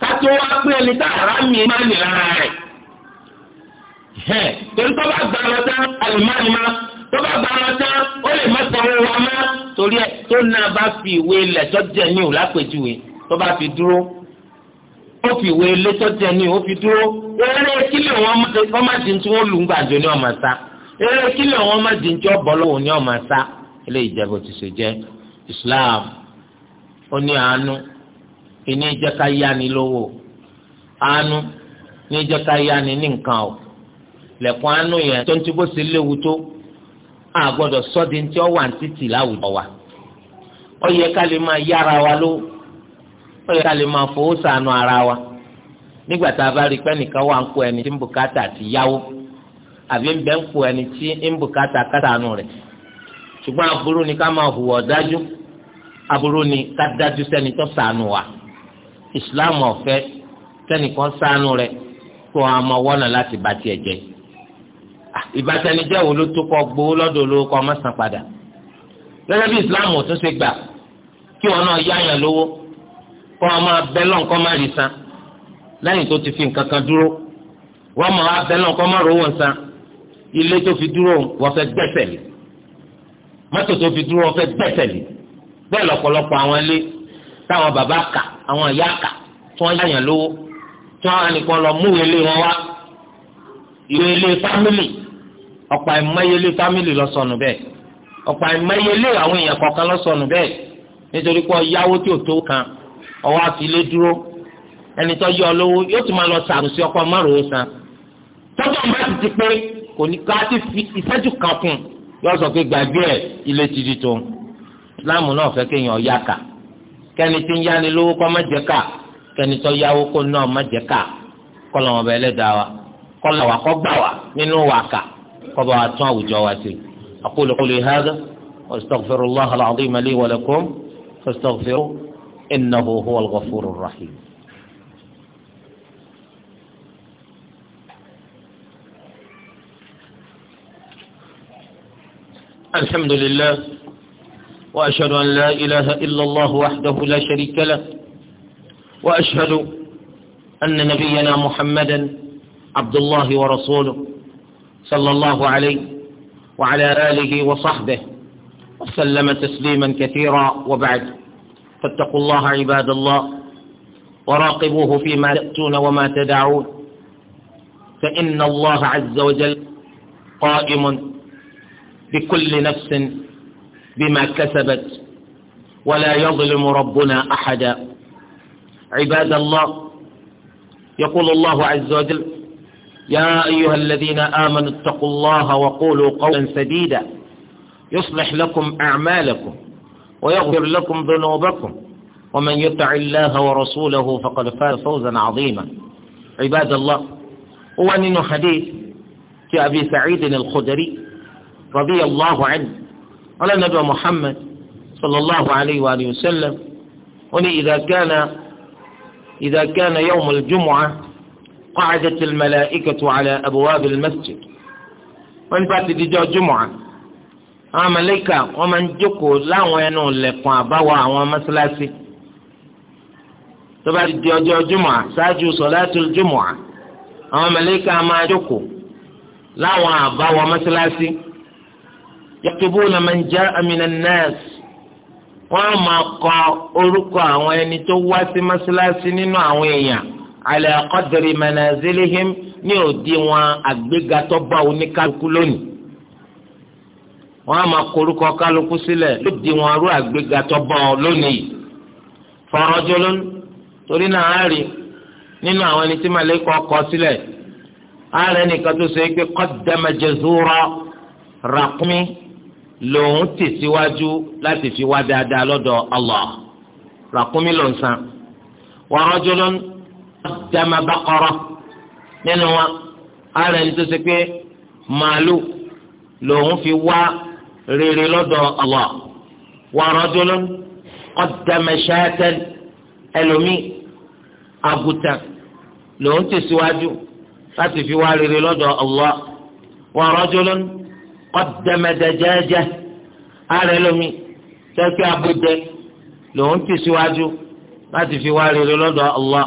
ká tó wá pé ẹni tá àrá mi máa nì hẹ torí tó bá gba lọ tán alimani tó bá gba lọ tán ó lè má torí ẹ tó náà bá fi ìwé lẹ jẹ ní o lápèjúwe tó bá fi dúró ó fi ìwé lé jẹ ní o fi dúró eré ekile wọn má di tí wọ́n lù ń gbàdúró ní ọmọ sá eré kílẹ̀ wọn má di tí ní ọmọ sá ilé ti ṣe Islam ó ní àánú ìní ni lówó àánú ní ká yá ni ní o. lẹ̀kùn àánú yẹn tó ń tí bó léwu tó a gbọ́dọ̀ sọ́di ní tí wà ní láwùjọ wa ó yẹ ká lè máa yára wa ló yẹ ká lè máa fowó ara wa nígbà tá a bá rí ẹni tí ń ti yáwó àbí ń bẹ́ ń kó ẹni tí ń bùkátà kátàánú rẹ̀ ni ká máa hùwà dájú ni ká dájú sẹ́ni wa ọ̀fẹ́ sẹ́nìkan sànù rẹ̀ kó wọ́nà láti ìbátanijẹ́ wo ló tó kọ gbowó lọ́dọ̀ lówó kọ́ ọmọ san padà gẹ́gẹ́ bí islam ò tún ṣe gbà kí wọn náà yáyàn lówó kọ́ ọmọ abẹ́lọ́ nǹkan má rí san lẹ́yìn tó ti fi nǹkan kan dúró wọ́n mọ̀ abẹ́lọ́ nǹkan má rówó san ilé tó fi dúró wọ́n fẹ́ gbẹ́sẹ̀ lé mọ́tò tó fi dúró wọ́n fẹ́ gbẹ́sẹ̀ lé bẹ́ẹ̀ lọ́pọ̀lọpọ̀ àwọn ilé táwọn bàbá kà àwọn ìyá kà tí wọ́n yáyàn lówó tí wọ́n á lọ mú ìwé wọn wá ìwé ilé fámìlì ọ̀pọ̀ àìmọyelé fámìlì lọ́sọ̀nù bẹ́ẹ̀ ọ̀pọ̀ àìmọyelé àwọn èèyàn kọ̀ọ̀kan lọ́sọ̀nù bẹ́ẹ̀ nítorí pé ọ̀yáwó tí ò tó kan ọwọ́ àfilé dúró ẹni tó yọ lówó yóò tún máa lọ sàrùsí ọkọ márùn-ún san tọ́jú ọmọ ti ti pé kò ní ká ti fi ìṣẹ́jú kan kún yóò sọ pé gbàgbé ẹ̀ ilé ti di tòun láàmú náà fẹ́ kéèyàn ọ̀yá kà kẹ́ni tí ń yáni lówó kọ́ mẹ́jẹ ká kẹ́ni tó yáwó kó náà mẹ́jẹ ká kọ́ làwọn ọba ẹlẹ́dàá wa kọ́ làwà kọ́ gbà wá nínú wàkà. قضاء التعو جواتي أقول قولي هذا واستغفر الله العظيم لي ولكم فاستغفروا إنه هو الغفور الرحيم الحمد لله وأشهد أن لا إله إلا الله وحده لا شريك له وأشهد أن نبينا محمدا عبد الله ورسوله صلى الله عليه وعلى آله وصحبه وسلم تسليما كثيرا وبعد فاتقوا الله عباد الله وراقبوه فيما تأتون وما تدعون فإن الله عز وجل قائم بكل نفس بما كسبت ولا يظلم ربنا أحدا عباد الله يقول الله عز وجل يا أيها الذين آمنوا اتقوا الله وقولوا قولا سديدا يصلح لكم أعمالكم ويغفر لكم ذنوبكم ومن يطع الله ورسوله فقد فاز فوزا عظيما عباد الله وأن حديث في أبي سعيد الخدري رضي الله عنه على نبي محمد صلى الله عليه وآله وسلم وإذا إذا كان إذا كان يوم الجمعة قعدت الملائكة على أبواب المسجد wọ́n bá ti dijọ́ jùmọ̀à àwọn mẹlẹ́kà wọ́n máa ń jókòó láwọn ẹnu lẹ̀kùn àbáwọ̀ àwọn mọ́sálásí tó bá ti di ọjọ́ jùmọ̀à ṣáájú sọ̀láàtù jùmọ̀à àwọn mẹlẹ́kà máa jókòó láwọn àbáwọ̀ mọ́sálásí yaktubuna man jaa minan nas wọ́n máa kọ orúkọ àwọn ẹni tó wá sí mọ́sálásí nínú àwọn èèyàn ala qadri manazilihim ní òdiwọ̀n àgbéga tó bá oníkálukú lónìí wọn a máa korúkọ kálukú sílẹ̀ lódiwọ̀n arú àgbéga tó bá ọ lónìí farajulun torí náà á rí nínú àwọn ẹni tí màlẹ́kọ̀ kọ sílẹ̀ á rẹ̀ nìkan tó ṣe é pé qaddama jazura ràkúnmí lòun tẹ̀síwájú láti fi wá dáadáa lọ́dọ̀ Allah ràkúnmí ló ń san jama bakọrọ nínú wa ara ẹni tó ṣe pé màálù lòun fi wá rere lọ́dọ̀ Allah wa rajulun qaddama shatan ẹlòmíì àgùtàn lòun tẹ̀síwájú láti fi wá rere lọ́dọ̀ Allah wa rajulun qaddama dajajah ara ẹlòmíì tẹ́kẹ́ abudẹ lòun tẹ̀síwájú láti fi wá rere lọ́dọ̀ Allah.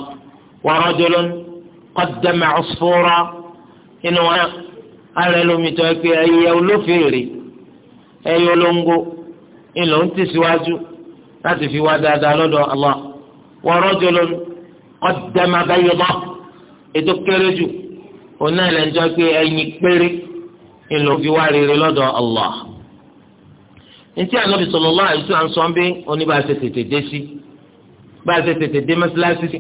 ورجل قدم عصفورا إنه أنا لهم يتوكي أي يولو فيري أي يولونغو إن لو أنت سواجو láti fi wá dáadáa lọ́dọ̀ Allah wa rajulun qaddama bayda ètò kéré jù ọ̀nà ìlànà pé ẹyin péré ńlọ fi wá rere lọ́dọ̀ Allah. ntí ànábì sallallahu alaihi wasallam ń sọ bí oníbàṣẹ tètè dé sí bàṣẹ tètè dé mọ́sálásí sí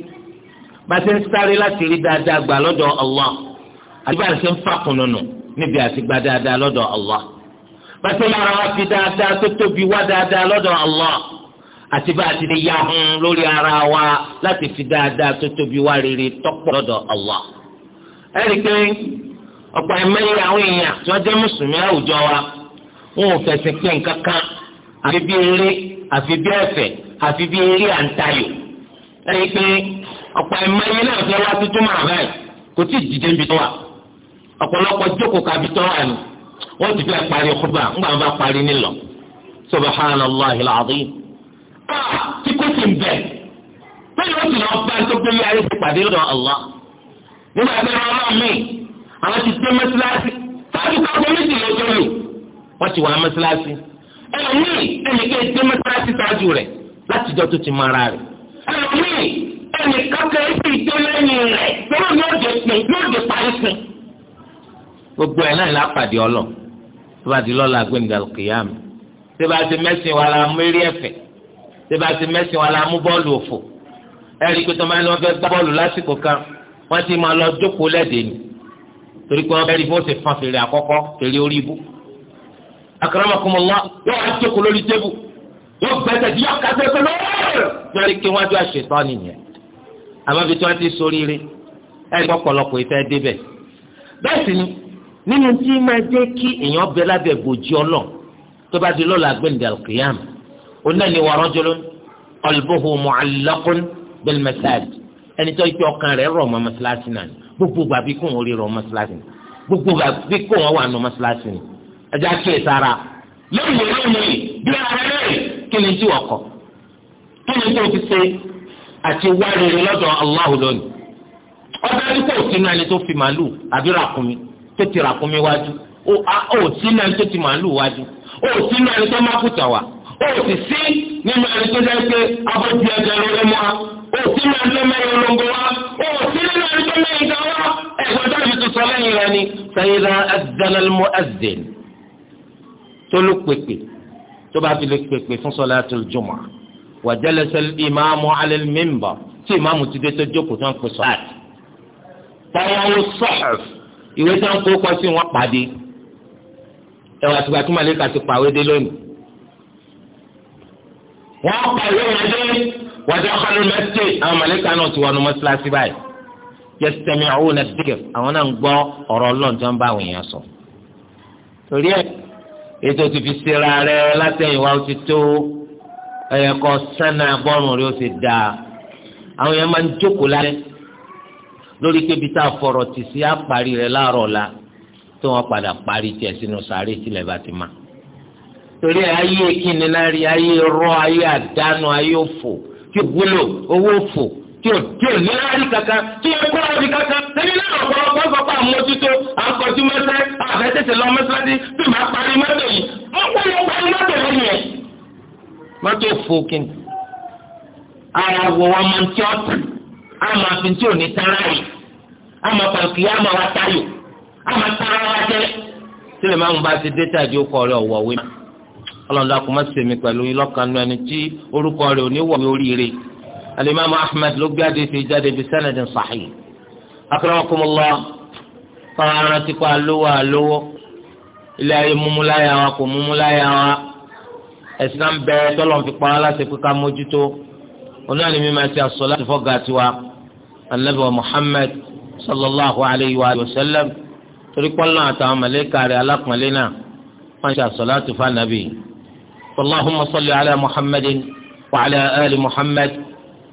bá a ṣe ń sáré láti rí dáadáa gbà lọ́dọ̀ Allah àti bá a ṣe ń fàkùnnù níbi àti gba dáadáa lọ́dọ̀ Allah bá a ṣe lára wa fi dáadáa tó tóbi wá dáadáa lọ́dọ̀ Allah àti bá a ti di yahun lórí ara wa láti fi dáadáa tó tóbi wá rere tọ́pọ̀ lọ́dọ̀ Allah ẹ̀rí pé ọ̀pọ̀ ẹ̀mẹ́yìn àwọn èèyàn tí wọ́n jẹ́ mùsùlùmí àwùjọ wa wọn ò fẹsẹ̀ pé nǹkan kan àfi bí eré àfi bí ẹ̀fẹ̀ àfi bí eré àǹtayò ẹ̀rí pé ọ̀pọ̀ ẹ̀mọ́yé náà fẹ́ wá tuntun máa báyìí kò tí ì dìde níbi tó wà ọ̀pọ̀lọpọ̀ jókòó kábi tó wà ní wọ́n ti fẹ́ parí kúbà ńgbà wọn bá parí nílọ subhanallahi alazim ah, tí kò sì bẹ́ẹ̀ ti lọ bá tó pàdé lọ́dọ̀ Allah nígbà tí wọ́n máa mí àwọn ti dé táàbù méjì lọ́jọ́ mi wọ́n ti wà ẹnì kankan èsì tó lẹ́yìn rẹ̀ lọ́wọ́ yóò dé pin yóò dé parí pin. gbogbo ẹ̀ náà lápàdé ọlọ̀ tó bá ti lọ́la gbẹ̀ngàn kìyàmù tó bá ti mẹ́sìn wa la mú eré ẹ̀fẹ̀ tó bá ti mẹ́sìn wa la mú bọ́ọ̀lù òfò ẹ̀rí pé tó máa ní wọ́n fẹ́ gbá bọ́ọ̀lù lásìkò kan wọ́n ti máa lọ jókòó lẹ́dẹ̀ẹ́ ni torí pé wọ́n bẹ́ẹ̀ rí bó fan fèrè àkọ́kọ́ fèrè orí ibú akaramakumọlá yóò wá jókòó lórí àmọ́ bí tí wọ́n ti ṣoríire ẹ̀ gbọ́ pọ̀lọpọ̀ ìfẹ́ débẹ̀ bẹ́ẹ̀ sì ni nínú tí máa jẹ́ kí èèyàn bẹ lábẹ́ bòjì ọlọ tó bá di lọ́la gbẹ̀ndẹ̀ alqiyam onáà ni wa rajulun qalbuhu mu'allaqun bil masajid ẹni tó ikú ọkàn rẹ̀ rọ̀ mọ́ mọ́sálásí náà gbogbo gbàbí kò wọ́n rí rọ̀ mọ́sálásí gbogbo gbàbí kò wọ́n wà nù mọ́sálásí ni ẹja kíyè sára lónìí lónìí bí ara rẹ̀ kí ni tí wọ́n kọ kí ni tó fi ṣe àti wá rere lọ́dọ̀ Allah lónìí ọba ẹni kò sínú ẹni tó fi màálù àbí ràkúnmí tó ti ràkúnmí wájú ó sínú ẹni tó ti màálù wájú ó sínú ẹni tó má kùtà wá ó sì sí nínú ẹni tó dẹ́ pé abọ́jú ẹ̀jẹ̀ lórí mu wa ó sínú ẹni tó mẹ́rin olóńgbò wa ó sínú ẹni tó mẹ́rin gan wa ẹ̀gbọ́n tó ti sọ lẹ́yìn rẹ ni sayyida azanal mu'azzin tó ló pèpè tó bá fi lè pèpè fún sọlá tó jùmọ̀ wàjẹlẹsẹ ìmáàmù alẹ mímbà tí ìmáàmù ti dé tó jókòó tó ń pè sọláàtì tayáwó sọhẹf ìwé tó ń kó kọ sí wọn pàdé ẹwà tìgbà tí màlẹkà ti pàwé dé lónìí wọn pàwé wọn dé wàjà kọlu mẹsẹ àwọn màlẹkà náà ti wọnú mọ́sálásí báyìí yẹsẹmi àwọn ẹdíkẹ àwọn náà ń gbọ́ ọ̀rọ̀ Ọlọ́run ń bá àwọn èèyàn sọ ètò ti fi ṣera rẹ̀ látẹ̀yìnwá ó ti tó ẹ̀yẹ kọ́ sẹ́nà bọ́ọ̀rùn rẹ̀ ó sì dà àwọn yẹn máa ń jókòó lálẹ́ lórí pé bí tá a fọ̀rọ̀ tì sí àparí rẹ̀ láàárọ̀ la tó wọn padà parí tiẹ̀ sínú sàárè tilẹ̀ bá ti má torí ayé kíni náà rí ayé rọ ayé àdánù ayé òfò tí ò wúlò owó òfò tí ò tí ò nílá rí kankan tí o kó ọdún kankan lẹ́yìn náà ọ̀pọ̀lọpọ̀ ọ̀pọ̀lọpọ̀ àmójútó àkọ́jú mẹ́sẹ̀ àfẹ́tẹ̀sẹ̀ lọ mẹ́sẹ̀ láti tí màá parí mọ́tò yìí wọ́n parí mọ́tò yìí mọ́tò fòkìn ara wọ wọn máa ń tí ọ́ tì á máa fi tí ò ní tara yìí á máa pàǹkì á máa wá táyò á máa tara wá jẹ́ tí máa ń bá ti dé tàbí ó kọ ọ̀rẹ́ ọ̀wọ́wé má ọlọ́dún akọ má sèmi pẹ̀lú ìlọ́kànnú ẹni tí orúkọ rẹ̀ ò ní wọ̀ mí oríire alimami ahmed ló gbé adéfé jáde bí sanadin sahih akramakumullah fáwọn arántí pa lówó àlówó ilé ayé múmúláyà wa kò múmúláyà wa ẹ̀sán bẹ́ẹ̀ tọ́lọ́ fi pa aláṣẹ pé ká mójútó onáà ni mi máa ṣe àsọlá tó fọ́gà tiwa anabi wa muhammed sallallahu alayhi wa sallam torí pọ́nlá àtàwọn mọ̀lẹ́kà alákùnrin náà wọ́n ṣe àsọlá tó fà nàbì. اللهم صل على محمد وعلى آل محمد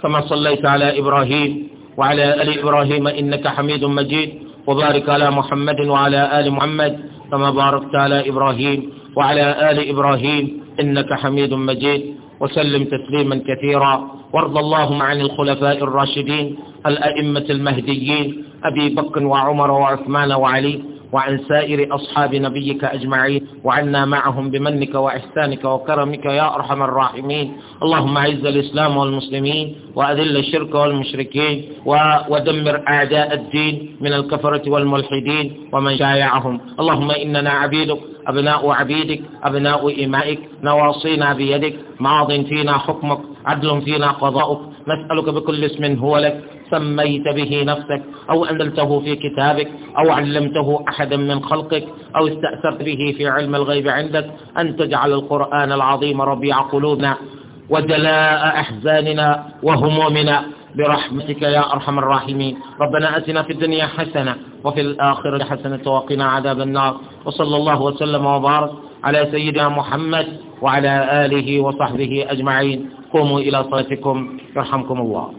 كما صليت على إبراهيم وعلى آل إبراهيم إنك حميد مجيد وبارك على محمد وعلى آل محمد كما باركت على إبراهيم وعلى آل إبراهيم إنك حميد مجيد وسلم تسليما كثيرا وارض اللهم عن الخلفاء الراشدين الأئمة المهديين أبي بكر وعمر وعثمان وعلي وعن سائر أصحاب نبيك أجمعين وعنا معهم بمنك وإحسانك وكرمك يا أرحم الراحمين اللهم أعز الإسلام والمسلمين وأذل الشرك والمشركين ودمر أعداء الدين من الكفرة والملحدين ومن شايعهم اللهم إننا عبيدك أبناء عبيدك أبناء إمائك نواصينا بيدك ماض فينا حكمك عدل فينا قضاؤك نسألك بكل اسم هو لك سميت به نفسك أو أنزلته في كتابك أو علمته أحدا من خلقك أو استأثرت به في علم الغيب عندك أن تجعل القرآن العظيم ربيع قلوبنا وجلاء أحزاننا وهمومنا برحمتك يا أرحم الراحمين ربنا أتنا في الدنيا حسنة وفي الآخرة حسنة وقنا عذاب النار وصلى الله وسلم وبارك على سيدنا محمد وعلى آله وصحبه أجمعين قوموا إلى صلاتكم يرحمكم الله